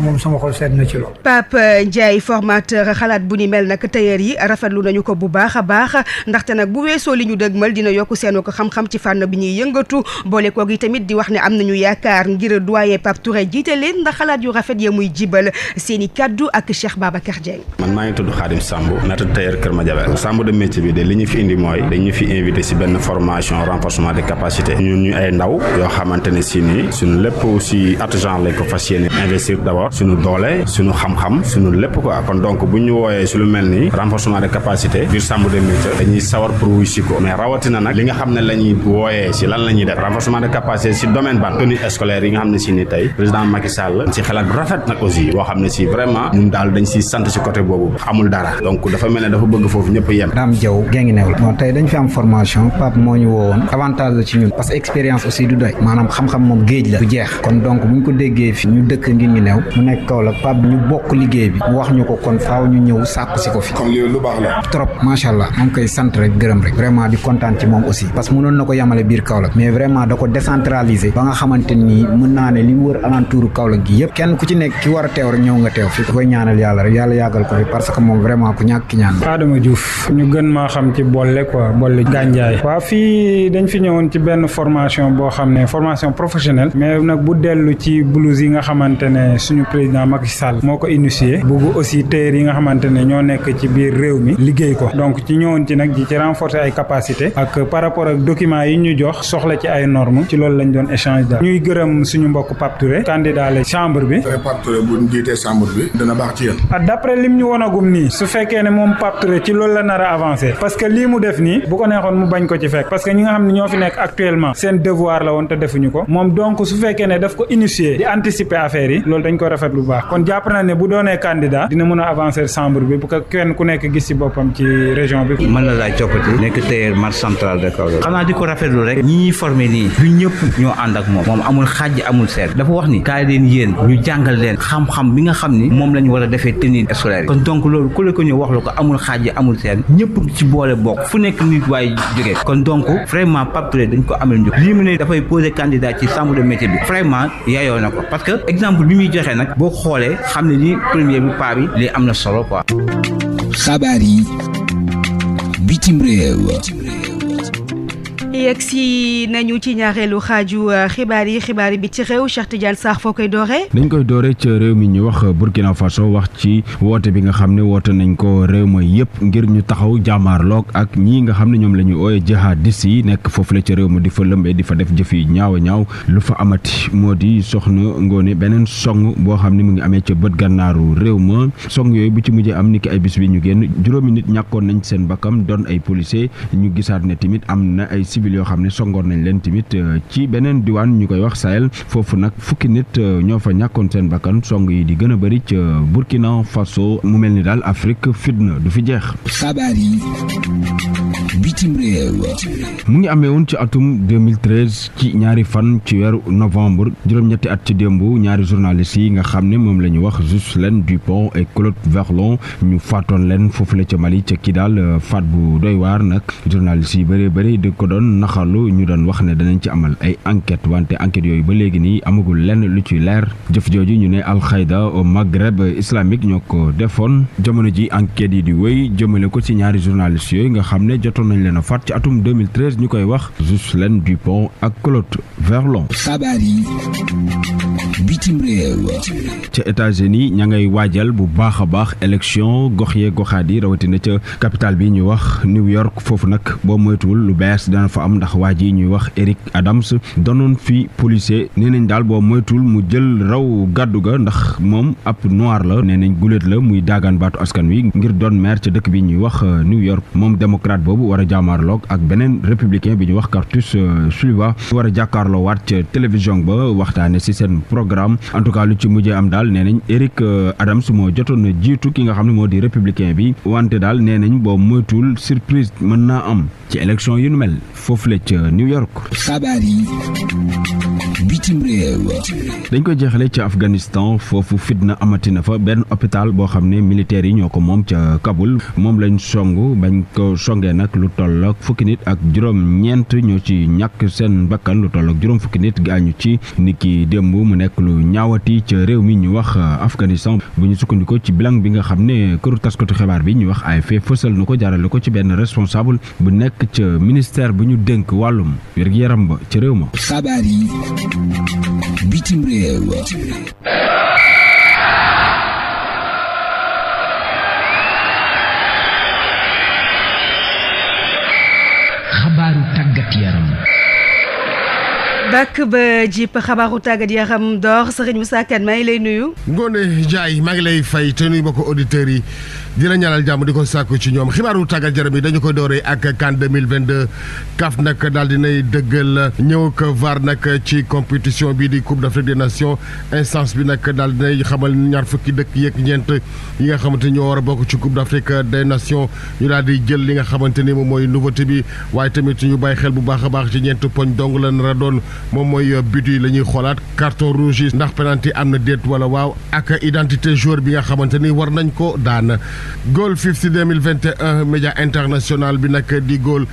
moom a sama xol seet na ci loolu Pape Ndiaye formateur xalaat bu ni mel nag tailleur yi rafetlu nañu ko bu baax a baax ndaxte nag bu weesoo li ñu dëgmal dina yokk seenu ko xam-xam ci fànn bi ñuy yëngatu boole koog yi tamit di wax ne am nañu yaakaar ngir doyen Pape Touré jiite leen ndax xalaat yu rafet ya muy jibal seen i kaddu ak Cheikh Babacar Dieng man maa ngi tudd Khadim Samb nata tailleur Kër Madiabel Samb de bi de li ñu fi indi mooy dañu fi invité si benn formation renforcement des capacités ñun ñu ay ndaw yoo xamante ne si nii suñu lépp aussi artisan lañ ko fas yéene investir d'abord suñu doole suñu xam-xam suñu lépp quoi kon donc bu ñu wooyee su lu mel ni renforcement des capacités biir Samb de métier dañuy sawar pour ko ne rawatina nag li nga xam ne la ñuy wooyee si lan la ñuy def renforcement de capacité si domaine ban tenue scolaire yi nga xam ne si ni tey président Macky Sall si xalaat xam ne si vraiment ñun daal dañ si sant si côté boobu amul dara donc dafa mel ne dafa bëgg foofu ñëpp yem Dame Diaw géngi new la bon tey dañ fi am formation Pape moo xam moom géej la du jeex kon donc bu ñu ko déggee fi ñu dëkk ngir ngi new mu nekk kaw la Pape ñu bokk liggéey bi wax ñu ko kon faaw ñu ñëw sàkk si ko fi kon loolu lu baax la trop macha allah maa ngi koy sant rek gërëm rek vraiment di kontaan ci moom aussi parce que mënoon na ko yamale biir Kaolack mais vraiment da ko décentraliser ba nga xamante nii mën naa li wër alentouru Kaolack gi yëpp kenn ku ci nekk ki war a teew rek ñëw nga teew fi da koy yàlla rek yàlla yàggal ko fi parce que moom vraiment ku ñàkk ki ñaan Adama Diouf ñu gën maa xam ci bolle quoi bolle gànjaay waa fii dañ fi ñëwoon ci benn formation boo xam ne formation professionnelle mais nag bu dellu ci blouse yi nga xamante ne suñu président Macky Sall moo ko initié bugg aussi yi nga xamante ne ñoo nekk ci biir réew mi liggéey ko capacité par rapport ak documents yi ñu jox soxla ci ay normes ci loolu lañ doon échange daal ñuy gërëm suñu mbokk Pape Touré la chambre bi. Ah, Pape Touré parce que lii mu def nii bu ko neexoon mu bañ ko ci fekk parce que ñi nga xam ne ñoo fi nekk actuellement seen devoir la woon te defuñu ko moom donc su fekkee ne daf ko initier di anticiper affaire yi loolu dañ ko rafet lu baax kon jàpp ne bu doonee candidat dina mën a avancer chambre bi bu ko kenn ku marché central de Kaolack xanaa di ko rafetlu rek ñi ñuy nii du ñëpp ñoo ànd ak moom moom amul xaaj amul seet dafa wax ni kaay leen yéen ñu jàngal leen xam-xam bi nga xam ni moom lañ war a defee tenue scolaire kon donc loolu ku la ko ñu wax ko amul xaaj amul seet ñëpp ci boole bokk fu nekk nit waaye jógee kon donc vraiment Pape Touré dañ ko amal njëkk lii mu ne dafay posé candidat ci chambre de bi vraiment yaayoo na ko parce que yegg si nañu ci ñaareelu xaaju euh, xibaar yi xibaar bi ci réew Cheikh Tidiane foo koy dooree. dañ koy doore ca réew mi ñu wax Burkina Faso wax ci woote bi nga xam ne woote nañ ko réew mooy yëpp ngir ñu taxaw jaamaarloog ak ñii nga xam ne ñoom la ñuy ooye di si nekk foofu la ca réew ma di fa lëmbee di fa def jëf yi ñaaw a ñaaw lu fa amati moo di soxna Ngoone beneen song boo xam ne mu ngi amee ca bët gànnaaru réew ma song yooyu bu ci mujjee am niki ay bis bi ñu génn juróomi nit ñàkkoon nañ seen bakkam doon ay policier ñu gisaat ne tamit am na ay civil yoo xam ne songoon nañu leen tamit euh, ci beneen diwaan ñu koy wax Sahel foofu nag fukki nit euh, ñoo fa ñàkkoon seen bakkan song yi di gën a bëri ca Burkina Faso mu mel ni daal Afrique fitna du fi jeex. xabaar yi. bitim mu ngi amee woon ci atum 2013 ci ñaari fan ci weeru novembre juróom-ñetti at ci démb ñaari journalistes yi nga xam ne moom la ñu wax Ghislaine Dupont et Claude Verlon ñu faatoon leen foofu la ca Mali ca Kidal euh, faat bu doy waar nag journalistes yi bëree bëri di ko doon naxalu ñu doon wax ne danañ ci amal ay enquête wante enquêtes yooyu ba léegi nii amagul lenn lu ciy leer jëf jooju ñu ne alxayda qaïda au Maghreb islamique ñoo ko defoon jamono ji enquêtes yi di woy jëmale ko ci ñaari journalistes yooyu nga nee na faat ci atum 2013 ñu koy wax Ghislaine Dupont ak Claude Verlon. xabaar yi bitim réew. ca États-Unis ña ngay waajal bu baax a baax élection gox yee goxaat yi rawatina ca capitale bi ñuy wax New York foofu nag boo moytuwul lu bees dana fa am ndax waa ji ñuy wax Eric Adams doonoon fi policier nee nañ daal boo moytuwul mu jël raw gàddu ga ndax moom ab noir la nee nañ guléet la muy daagaan baatu askan wi ngir doon maire ca dëkk bi ñuy wax New York moom démocrate boobu jaamarloog ak beneen républicain bi ñu wax Quartus euh, Suluba war a jàkkaarloo waat ca télévision ba waxtaane si seen programme en tout cas lu ci mujjee am daal nee nañ Eric euh, Adams moo jotoon na jiitu ki nga xam ne moo di républicain bi wante daal nee nañ boo moytuwul surprise mën naa am ci élection yu nu mel foofu la ca New York. xabaar yi. bitim dañ koy jeexalee ca Afghanistan foofu fitna amatina fa benn hôpital boo xam ne militaires yi ñoo ko moom ca kabul moom lañ song bañ ko songee nag lu toll ak fukki nit ak juróom-ñeent ñoo ci ñàkk seen bakkan lu toll juróom fukki nit gaañu ci ni ki démb mu nekk lu ñaawati ca réew mi ñu wax Afghanistan bu ñu sukkandiku ci bilan bi nga xam ne këru taskatu xibaar bi ñu wax AFP fësal na ko jaarale ko ci benn responsable bu nekk ca ministère bu ñu dénk wàllum yaram ba réew ma bitim réew xabaaru tàggat yaram bàkk ba jipp xabaaru tàggat yaram door Serigne Moussa Kane maa ngi lay nuyu Ngoone Njaay maa ngi lay fay te nuyu mbokki auditeurs yi di la ñaanal jàmm di ko sàkku ci ñoom xibaaru tàggat yaram yi dañu ko dooree ak CAN 2022 CAF nag daal nay dëggal ñëw ko VAR nag ci compétition bii di Coupe d'Afrique des Nations instance bi nag daal dinay xamal ñaar fukki dëkk yeeg ñeent yi nga xamante ñoo war a bokk ci Coupe d'Afrique des Nations ñu daal di jël li nga xamante ni moom mooy nouveauté bi waaye tamit ñu bàyyi xel bu baax a baax ci ñeent poñ dong la nar a doon moom mooy but yi la ñuy xoolaat carton rouge yi ndax penalty am na déet wala waaw ak identité joueur bi nga xamante ni war nañ ko daan Goal 50 2021 média international bi nag di Goal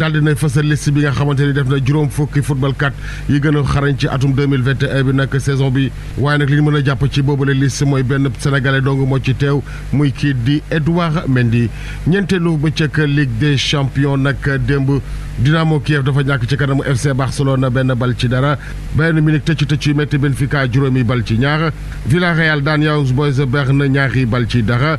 daal di na fësal list bi nga xamante ni def na juróom fukki footballkat yi gën a xarañ ci atum 2021 bi nag saison bi waaye nag li mën a jàpp ci boobu boobale liste mooy benn sénégalais dong moo ci teew muy kii di Edouard Mendy bu bëccëg Ligue des champions nag démb Dinamo Kiev dafa ñàkk ci kanamu FC Barcelone benn bal ci dara Bayern Munich tëcc tëcc yu metti Benfica juróomi bal ci ñaar Villarreal daan Young Boys Berne ñaari bal ci dara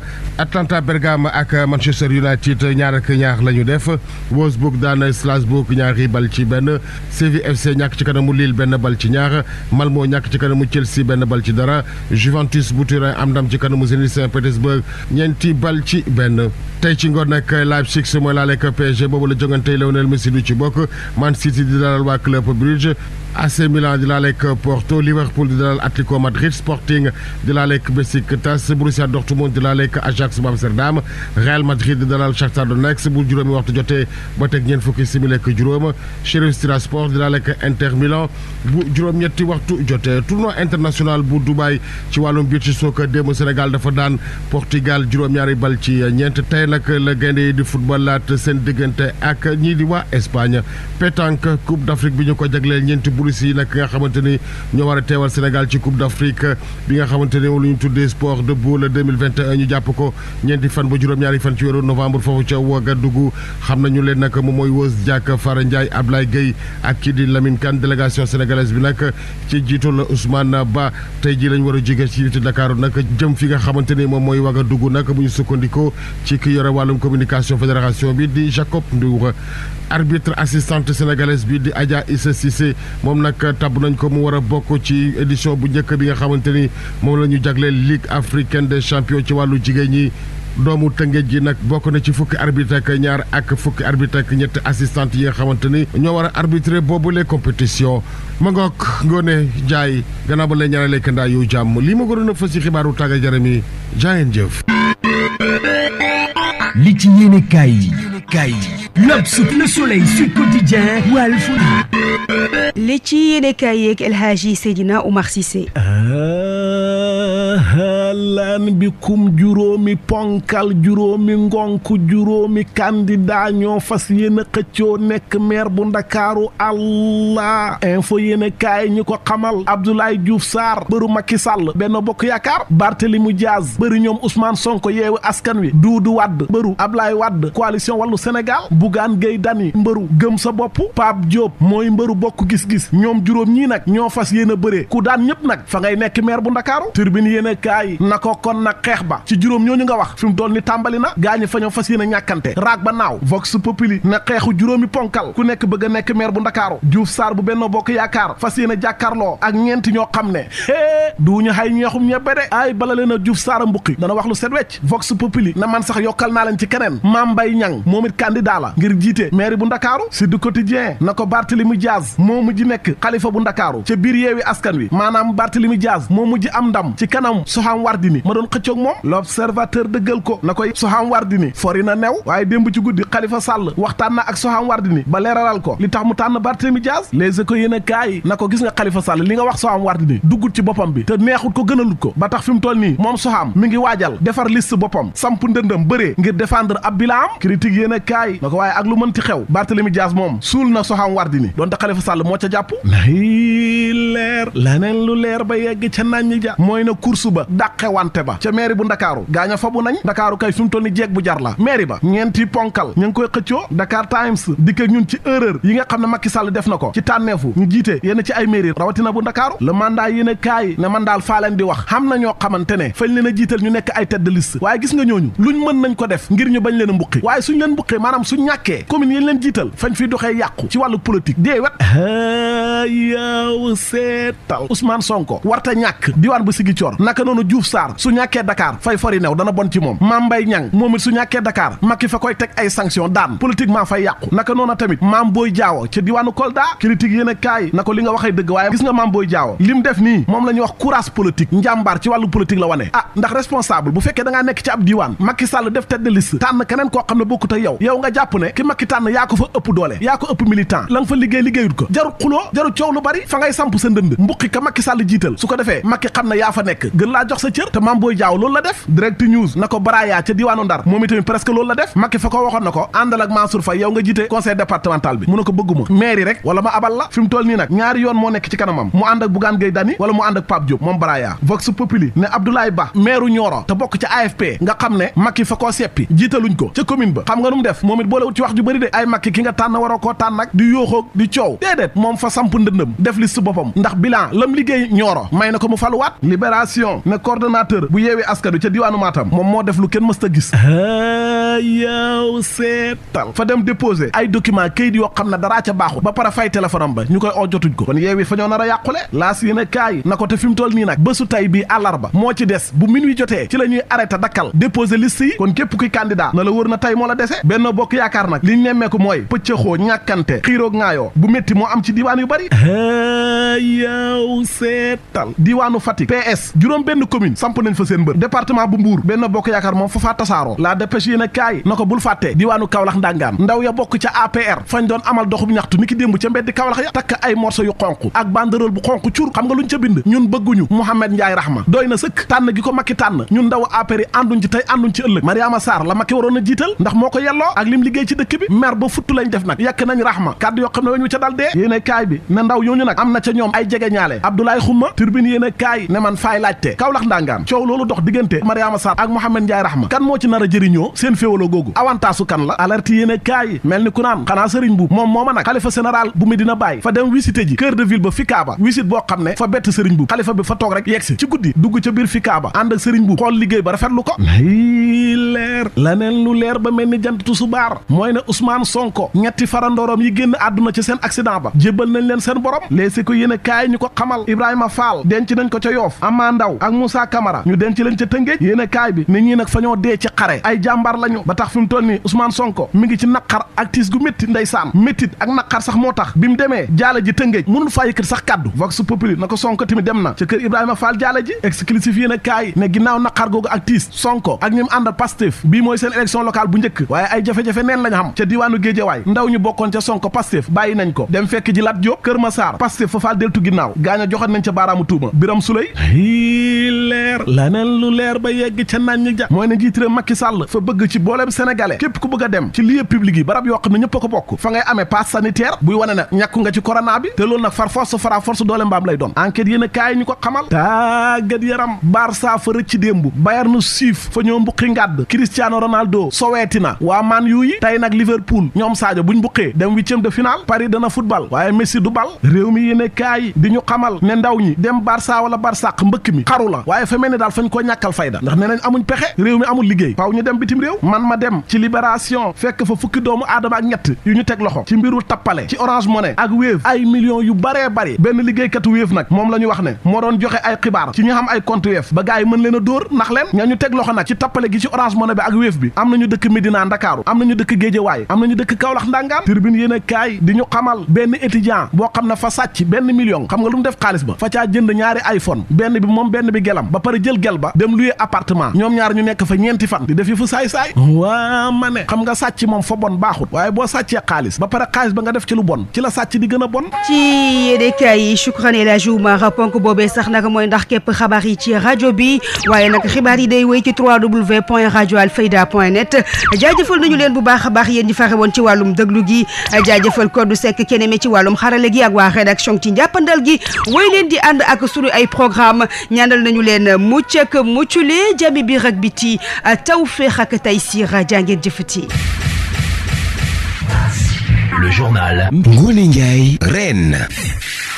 Atalanta Bergame ak Manchester United ñaar ak ñaar la ñu def Wolfsburg daan Strasbourg ñaari bal ci benn Séville FC ñàkk ci kanamu Lille benn bal ci ñaar Malmo ñàkk ci kanamu Chelsea benn bal ci dara Juventus bu Turin am ndam ci kanamu Zenit Saint-Pétersbourg ñeenti bal ci benn. tey ci ngoon nag Leipzig mooy laale ak PSG boobu la jongante Lionel Messi du ci bokk Man City di dalal waa Club Brugge. AC Milan di laaleeg Porto Liverpool di dalal Atlético Madrid Sporting di laaleeg Besiktas Borussia Dortmund di laaleeg Ajax bu Amsterdam Real Madrid di dalal Shakhtar Donetsk bu juróomi waxtu jotee ba teg ñeent fukki simili ak juróom Sheriff Tiraspol di laaleeg Inter Milan bu juróom-ñetti waxtu jotee tournoi international bu Dubaï ci wàllum biir ci sooka démb Sénégal dafa daan Portugal juróom-ñaari bal ci ñeent tey nag la gaynde yi di seen diggante ak ñii di waa Espagne pétanque Coupe police yi nag nga xamante ñoo war a teewal Sénégal ci Coupe d'Afrique bi nga xamante ni lu ñu tuddee sport debout le ñu jàpp ko ñeenti fan ba juróom-ñaari fan ci weeru novembre foofu ca Ouagadougou xam nañu leen nag moom mooy Wos Diack Fara Ndiaye Ablaye Gueye ak kii di Lamine Kane délégation bi nag ci jiitu la Ousmane Ba tey jii lañ war a jóge ci biti Dakar jëm fi nga xamante ni moom mooy Ouagadougou nag bu ñu sukkandikoo ci ki yore wàllum communication fédération bi di bi di Adja Issa Cissé moom moom nag tabb nañ ko mu war a bokk ci édition bu njëkk bi nga xamante ni moom la ñu jagleel Ligue de des champions ci wàllu jigéen ñi. doomu tëngéej gi nag bokk na ci fukki arbitre ak ñaar ak fukki arbitre ak ñetti assistante yi nga xamante ni ñoo war a arbitrer boobu les compétitions ma ngoog ngoone jaay gannaaw ba lay ñaanalee kandaa yow jàmm lii ma gënoon a fës ci xibaaru tàgga jaram yi jaayeen jëf li ci yéene kaay yi kaay yi L'Obs, Le Soleil, Sud Quotidien, Walf. li ci yéene kaay yeeg El Hadji Seydina Oumar Cissé ah. ahlan bikum juróomi ponkal juróomi ngonk juróomi candidat ñoo fas yéen a xëccoo nekk maire bu ndakaaru allah info yéen a kaay ñi ko xamal Abdoulaye Diouf Sarr bëru Macky Sall Benno Bokk Yaakaar Barthélemy Diaz bëri ñoom Ousmane Sonko yeewu askan wi Doudou Wade bëru Ablaye Wade coalition wàllu Sénégal Bougane Gueye Dany mbëru gëm sa bopp Pape Diop mooy mbëru bokk gis-gis ñoom juróom ñii nag ñoo fas yéen a ku daan ñëpp nag fa nekk maire bu ndakaaru na ko kon nag xeex ba ci juróom ñooñu nga wax fi mu toll ni tàmbali na gaa ñi fa fas yéene ñàkkante raag ba naaw vox populi na xeexu juróomi ponkal ku nekk bëgg a nekk maire bu ndakaaru Diouf saar bu benn Bokk Yaakaar fas yéene jàkkaarloo ak ñeenti ñoo xam ne é duuñu xay ñeexum ñebbe de ay bala leen a Diouf Sarr a mbuqi dana wax lu set wecc vox populi na man sax yokkal naa leen ci keneen Mame Mbaye Niang moo it candidat la ngir jiite maire bu ndakaaru si du quotidien na ko Barthélemy Diaz moo mujj nekk xalifa bu ndakaaru ca biir yeewi askan wi maanaam Barthélemy Diaz moo mujj am ndam ci kanam Wardini ma doon xëccoog moom l'observateur dëggal ko na koy Soham Wardini fori na new waaye démb ci guddi xalifa Sall waxtaan na ak Soham Wardini ba leeralal ko li tax mu tànn Barthélemy Dias les éco yéen a kaay na ko gis nga Khalifa Sall li nga wax Soham Wardini duggut ci boppam bi te neexut ko gënalut ko ba tax fi mu toll nii moom Soham mi ngi waajal defar liste boppam samp ndëndam bëree ngir défendre ab bilaam critique yéen a kaay na ko waaye ak lu mënti xew Barthélemy Dias moom suul na Soham Wardini doon te Khalifa Sall moo ca jàpp nay leer laneen lu leer ba yegg ca nañ ja mooy na ba yàqewante ba ca mairie bu ndakaaru gaañ a fa bu nañ ndakaaru kay fi mu toll ni jeeg bu jar la mairie ba ñeenti ponkal ñu ngi koy xëccoo Dakar Times dikk ak ñun ci erreur yi nga xam ne Macky Sall def na ko ci tànneefu ñu jiite yenn ci ay mairie rawatina bu ndakaaru le mandat yéen a kaay ne man daal faa leen di wax xam na ñoo xamante ne fañ leen a jiital ñu nekk ay tête de waaye gis nga ñooñu luñ mën nañ ko def ngir ñu bañ leen a mbuqi waaye suñ leen mbuqi maanaam suñ ñàkkee commune yéen jiital fañ fiy doxee yàqu ci wàllu politique dee wet yaaw seetal Ousmane Sonko warta ñàkk diwaan bu Ziguinchor naka noonu Diouf su ñàkkee Dakar fay fori dana bon ci moom Mame Mbaye Niang su ñàkkee Dakar Macky fa koy teg ay sanction daan politiquement fay yàqu naka noona tamit Mame Boye Diao ca diwaanu Kolda critique yéen na ko li nga waxee dëgg waaye gis nga Mame Boye Diao li def nii moom la wax courage politique njàmbaar ci wàllu politique la wane ah ndax responsable bu fekkee da nekk ci ab diwaan Macky Sall def tête de tànn keneen ko sa ndënd mbuqi ka Macky Sall jiital su xam ne yaa cër te Mame Boye Diao loolu la def direct news na ko Baraya ca diwaanu Ndar moom itamit presque loolu la def Macky fa ko waxoon na ko àndal ak Mansour Faye nga jiite conseil départemental bi mu ne ko bëgguma mairie rek wala ma abal la fi mu nii nag ñaari yoon moo nekk ci kanamam mu ànd ak Bougane Gueye Dany wala mu ànd ak Pape Diop moom Baraya Vox Populi ne Abdoulaye Ba maire Nioro te bokk ca AFP nga xam ne Macky fa koo seppi jiitaluñ ko ca ko coordonnateur bu yeewee askanu ca diwaanu Matam moom moo deflu lu kenn mës gis ah, yow seetal fa dem déposé ay document kayit yoo xam ne dara ca baaxut ba para fay téléphone ba ñu koy oo jotuñ ko kon yeewi fa ñoo nar yàqule laas yéen a kaay na ko te fi mu nii nag bésu tay bi ba moo ci des bu minuit jotee ci la ñuy arrêté dakkal déposé liste yi kon képp kuy candidat na la wër na tey moo la dese benn bokk yaakaar nag li ñu nemmeeku mooy pëccëxoo ñàkkante xiiroog ŋaayoo bu métti moo am ci diiwaan yu bëri ah, yow seetal diiwaanu commune samp nañ fa seen mbër département bu Mbour benn bokk yaakaar moom fa faa tasaaroo la dépêche yéen a kaay na ko bul fàttee diwaanu Kaolack ndangaan ndaw ya bokk ca APR fañ doon amal doxub ñaxtu ni ki démb ca mbeddi Kaolack ya takk ay morso yu xonq ak banderole bu xonq cur xam nga luñ ca bind ñun bëgguñu Mouhamed Ndiaye Rahma doy na sëkk tànn gi ko Macky tànn ñun ndaw APR yi ànduñ ci tey ànduñ ci ëllëg Mariama Sarr la Macky waroon a jiital ndax moo ko yelloo ak lim yoo xam ne ñu ca a kaay bi ne am na ca ñoom ay jege ñaale Abdoulaye Xumma turbine yéen a kaay ne Nangaan coow loolu dox diggante Mariama Sarr ak Mouhamed Ndiaye Rahma kan moo ci nar a jëriñoo seen féewaloo googu avantage su kan la alerte yéene kaay mel ni ku xanaa sëriñ bu moom mooma nag xalifa général bu Medina Baye fa dem visité ji cœur de ville ba fi boo xam ne fa bett sëriñ bu xalifa bi fa toog rek yegsi ci guddi dugg ca biir fi kaaba ànd ak sëriñ bu xool liggéey ba rafetlu ko lay leer laneen lu leer ba mel ni jant tusubaar yi génn àdduna ci ba jébbal nañ leen seen borom léeg si ko yéene kaay Camara ñu kër Ibrahima Fall jaale ji exclusif yéene kaay ne ginnaaw naqar googu ak tiis Sonko ak ñi mu ànd Pastef bii mooy seen élection locale bu njëkk waaye ay jafe-jafe neen lañu xam ca diiwaanu Géejawaay ndaw ñu bokkoon ca Sonko Pastef bàyyi nañ ko dem fekk ji Lat Diop Kër Massar Pastef fa faal deltu ginnaaw gaañ a joxat nañ ca baaraamu tuuma Biram Suley leer laneen lu leer ba yegg ca nañ ja mooy ne jiitëram Macky Sall fa bëgg ci booleem sénégalais képp ku bëgg a dem ci lieu public yi barab yoo xam ne ñëpp a ko bokk fa ngay amee passe sanitaire buy wane ne ñàkku nga ci corona bi te loolu nag far force fara force doole mbaam lay doon enquête yéen a kaay ñu ko xamal tàggat yaram Barça fa rëcc démb Bayern nu siif fa ñoo mbuqi ngàdd Cristiano Ronaldo soweeti na waa man yu yi tey nag Liverpool ñoom Sadio buñ mbuqee dem huitième de finale Paris dana football waaye Messi du bal réew mi yéen a kaay di ñu xamal ne ndaw ñi dem Barça wala Barsàq mbëkk mi xaru la waaye fa mel ni daal fañ koo ñàkkal fayda ndax ne nañ amuñ pexe réew mi amul liggéey faaw ñu dem bitim réew man ma dem ci libération fekk fa fukki doomu aadama ak ñett yu ñu teg loxo ci mbiru tappale ci orange money ak wéef ay millions yu baree bari benn liggéeykatu wéef nag moom la ñu wax ne moo doon joxe ay xibaar ci ñu xam ay compte wéef ba gars yi mën leen a dóor nax leen ña ñu teg loxo nag ci tappale gi ci orange money bi ak wéef bi am nañu dëkk Médina Ndakaaru am nañu dëkk Géejawaay am nañu dëkk Kaolack Ndangaan tribune yéen a kaay di ñu xamal benn étudiant boo xam ne fa sàcc benn million xam nga lu def xaalis ba fa caa jënd ñaari iPhone benn bi moom benn bi gelam ba pare jël gel ba dem luye appartement ñoom ñaar ñu nekk fa ñeenti fan di def fu saay-saay waa ma ne xam nga sàcc moom fa bon baaxut waaye boo sàccee xaalis ba pare xaalis ba nga def ci lu bon ci la sàcc di gën a bon ci yéenekaay yi Shukran El Hadji ponk boobee sax nag mooy ndax képp xabaar yi ci rajo bi waaye nag xibaar yi day wéy ci www point rajo point net jaajëfal nañu leen bu baax a baax yéen ñi ci wàllum dëglu gi gi ak waa ngeen mucc ak muccule jami biir ak biti tawféex ak taysiir jàngeen jëfati Le journal Ngoné Ndiaye Reine